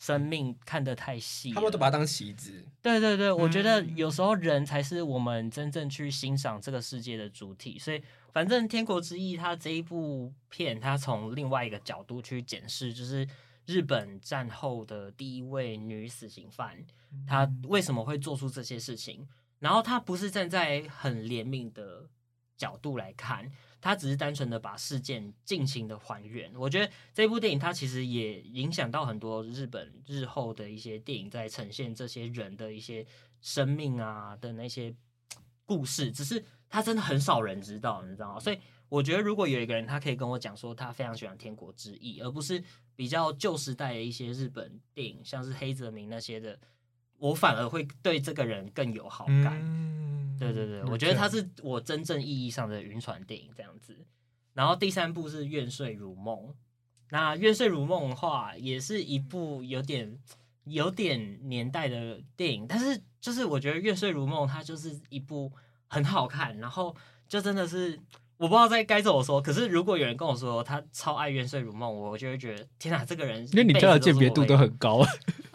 生命看得太細了，他們都把它當棋子。對對對，我覺得有時候人才是我們真正去欣賞這個世界的主體。嗯、所以，反正《天國之驛》他這一部片，他從另外一個角度去檢視，就是。日本戰後的第一位女死刑犯，她為什麼會做出這些事情？然後她不是站在很憐憫的角度來看，她只是單純的把事件盡情的還原。我覺得這部電影它其實也影響到很多日本日後的一些電影，在呈現這些人的一些生命啊的那些故事，只是他真的很少人知道，你知道嗎？所以我覺得如果有一個人他可以跟我講說他非常喜歡《天國之驛》，而不是，比較舊時代的一些日本電影，像是黑澤明那些的，我反而會對這個人更有好感。嗯、對對對，我覺得他是我真正意義上的暈船電影這樣子。然後第三部是《願睡如夢》，那《願睡如夢》的話也是一部有點有點年代的電影，但是就是我覺得《願睡如夢》它就是一部很好看，然後就真的是。我不知道在該怎麼說，可是如果有人跟我說他超愛《願睡如夢》，我就會覺得天哪、啊，這個人！因為你叫的鑑別度都很高。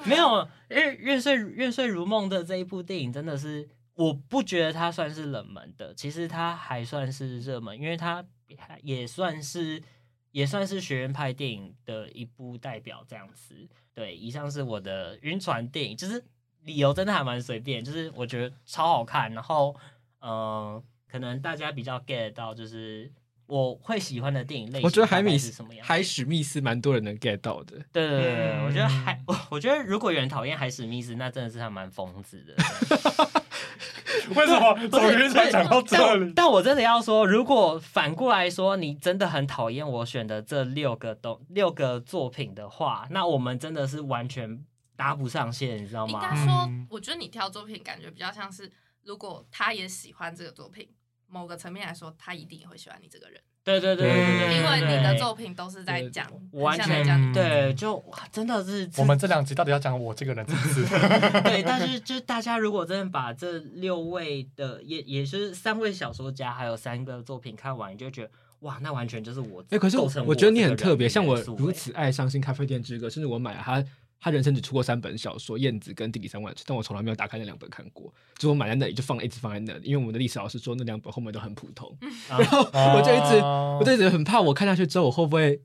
沒有，因為《願睡願睡如夢》的這一部電影，真的是我不覺得它算是冷門的，其實它還算是熱門，因為它也算是也算是學院派電影的一部代表這樣子。對，以上是我的暈船電影，就是理由真的還蠻隨便，就是我覺得超好看，然後嗯。呃可能大家比較 get 到，就是我會喜歡的電影類型。我覺得海米是什麼樣，海史密斯蠻多人能 get 到的。對對對，我覺得海，我覺得如果有人討厭海史密斯，那真的是還蠻瘋子的。 為什麼？我原來講到這裡，但我真的要說，如果反過來說，你真的很討厭我選的這六個東六個作品的話，那我們真的是完全搭不上線，你知道嗎？應該說、嗯，我覺得你挑作品感覺比較像是，如果他也喜歡這個作品。某個層面來說，他一定也會喜歡你這個人。對對對、對，因為你的作品都是在講完全對，就哇真的是我們這兩集到底要講我這個人是是，真是 對。但是，就大家如果真的把這六位的，也也是三位小說家，還有三個作品看完，你就覺得哇，那完全就是我。哎、欸，可是我、我、我覺得你很特別，像我如此愛《傷心咖啡店之歌》，甚至我買了它。他人生只出過三本小說，《燕子》跟《地底三萬》，但我從來沒有打開那兩本看過，就我買在那裡就放，一直放在那裡。因為我們的歷史老師說那兩本後面都很普通，嗯、然後我就一直，嗯、我就一直很怕我看下去之後，我會不會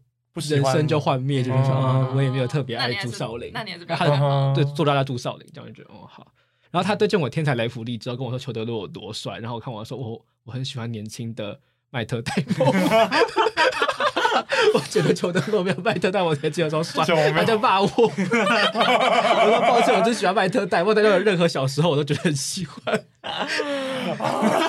人生就幻滅？就是說、嗯嗯，我也沒有特別愛讀朱少麟，那你怎麼看？坐在那讀朱少麟，這樣就覺得哦好。然後他推薦、嗯哦、我《天才雷普利》，之後跟我說裘德洛有多帥，然後我看我說我我很喜歡年輕的邁特戴蒙 我覺得裘德洛沒有麥特戴蒙，我才只能說帥，他還在罵我。 我說抱歉，我就喜歡麥特戴蒙。我在任何小時候我都覺得很喜歡。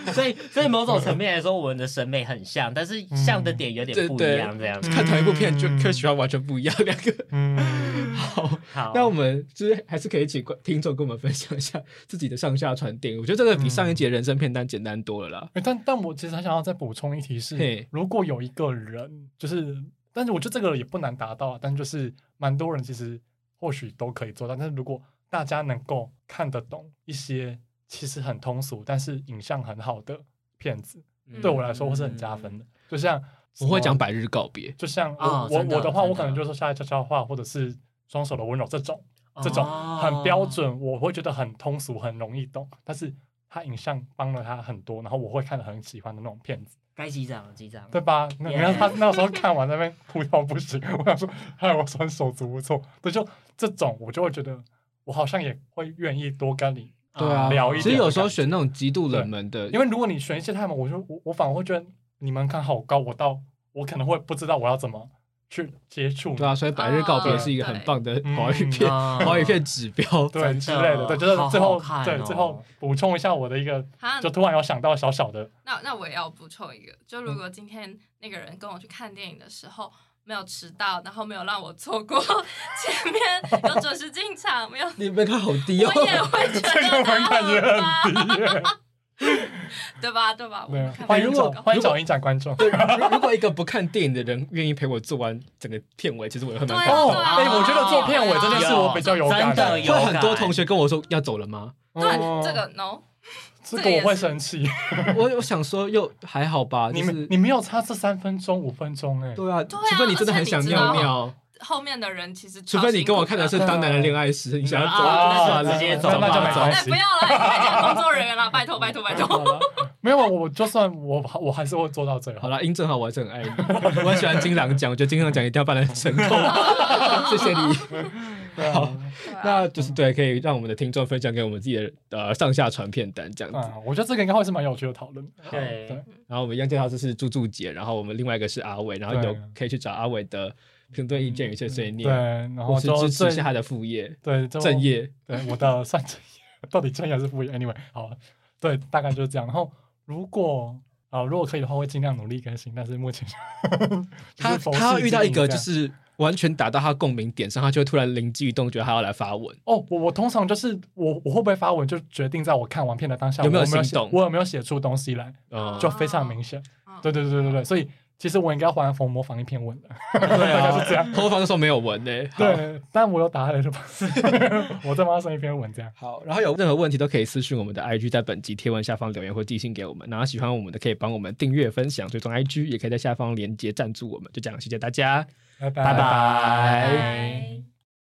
所以，所以某種層面來說，我們的審美很像，但是像的點有點不一樣。這樣、嗯、對對看同一部片，就可以喜歡完全不一樣。嗯、兩個 好，好，那我們就是還是可以請聽眾跟我們分享一下自己的上下船電。我覺得這個比上一節人生片單簡單多了啦、嗯。但，但我其實還想要再補充一題是，如果有一個人，就是，但是我覺得這個也不難達到，但是就是蠻多人其實或許都可以做到。但是如果大家能夠看得懂一些。其實很通俗，但是影像很好的片子，嗯、對我來說我是很加分的。嗯、就像我會講《百日告別》，就像我、哦、我我的話的，我可能就是說《夏夜悄悄話》或者是《雙手的溫柔》這種，這種、哦、很標準，我會覺得很通俗，很容易懂。但是他影像幫了他很多，然後我會看的很喜歡的那種片子。該擊掌擊掌，對吧？你看、yeah. 他那個、時候看完那邊哭到不行，我想說害、 哎、我手足無措。對，就這種我就會覺得，我好像也會願意多跟你。對啊聊一聊，其實有時候選那種極度冷門的，因為如果你選一些太猛，我就我我反而會覺得你們看好高，我到我可能會不知道我要怎麼去接觸。對啊，所以《白日告別》是一個很棒的華語片，華、啊、語片,、嗯啊、華語片指標對, 對，之類的。對，就是最後好好、哦、對最後補充一下我的一個，就突然有想到小小的。那那我也要補充一個，就如果今天那個人跟我去看電影的時候。嗯沒有遲到，然後沒有讓我錯過前面，有準時進場， 沒有你被看好低哦，我也會覺得好、這個、感很低 對吧？對吧？歡迎、哎，如果歡迎找影展觀眾，如果一個不看電影的人願意陪我做完整個片尾， 其實我也還蠻感動。哎、啊欸，我覺得做片尾真的是我比較有感的、啊啊、真的有感，有很多同學跟我說要走了嗎？哦、對，這個 no。這個我會生氣，我我想說又還好吧，就是，你們你沒有差這三分鐘五分鐘哎。對啊，除非你真的很想尿尿。後面的人其實，除非你跟我看的是《當男人戀愛時》，你想要走，哦啊，直接就走，那不要了，再見，工作人員了，拜託 拜託拜託。沒有我，我就算我我還是會做到這個。好了，殷振豪，我還是很愛你， 我很喜歡金狼獎，我覺得金狼獎一定要辦得很成功，謝謝你。好、啊，那就是對、嗯，可以讓我們的聽眾分享給我們自己的呃上下船片單，這樣子。我覺得這個應該會是蠻有趣的討論。Hey, 嗯、對，然後我們一樣介紹這是柱柱姐、嗯，然後我們另外一個是阿緯，然後有可以去找阿緯的評論意見與碎碎念、嗯嗯。對，然後是支持是他的副業。對，正業。對，我的算正業， 到底正業還是副業？Anyway，好，對，大概就是這樣。然後如果啊、呃，如果可以的話，會盡量努力更新，但是目前 他 他，他遇到一個就是。完全打到他共鳴點上，他就會突然靈機一動，覺得他要來發文。哦，我我通常就是我我會不會發文，就決定在我看完片的當下有沒有心動，我有沒有寫出東西來，嗯、就非常明顯、嗯。對對對對對、嗯、所以，所以其實我應該要還馮模仿一篇文的、啊，大概是這樣。馮方說沒有文誒、欸，對，但我有答他的是， 我再幫他寫一篇文這樣。好，然後有任何問題都可以私訊我們的 IG，在本集貼文下方留言或寄信給我們。然後喜歡我們的可以幫我們訂閱、分享、追蹤 IG，也可以在下方鏈接贊助我們。就這樣，謝謝大家。拜拜。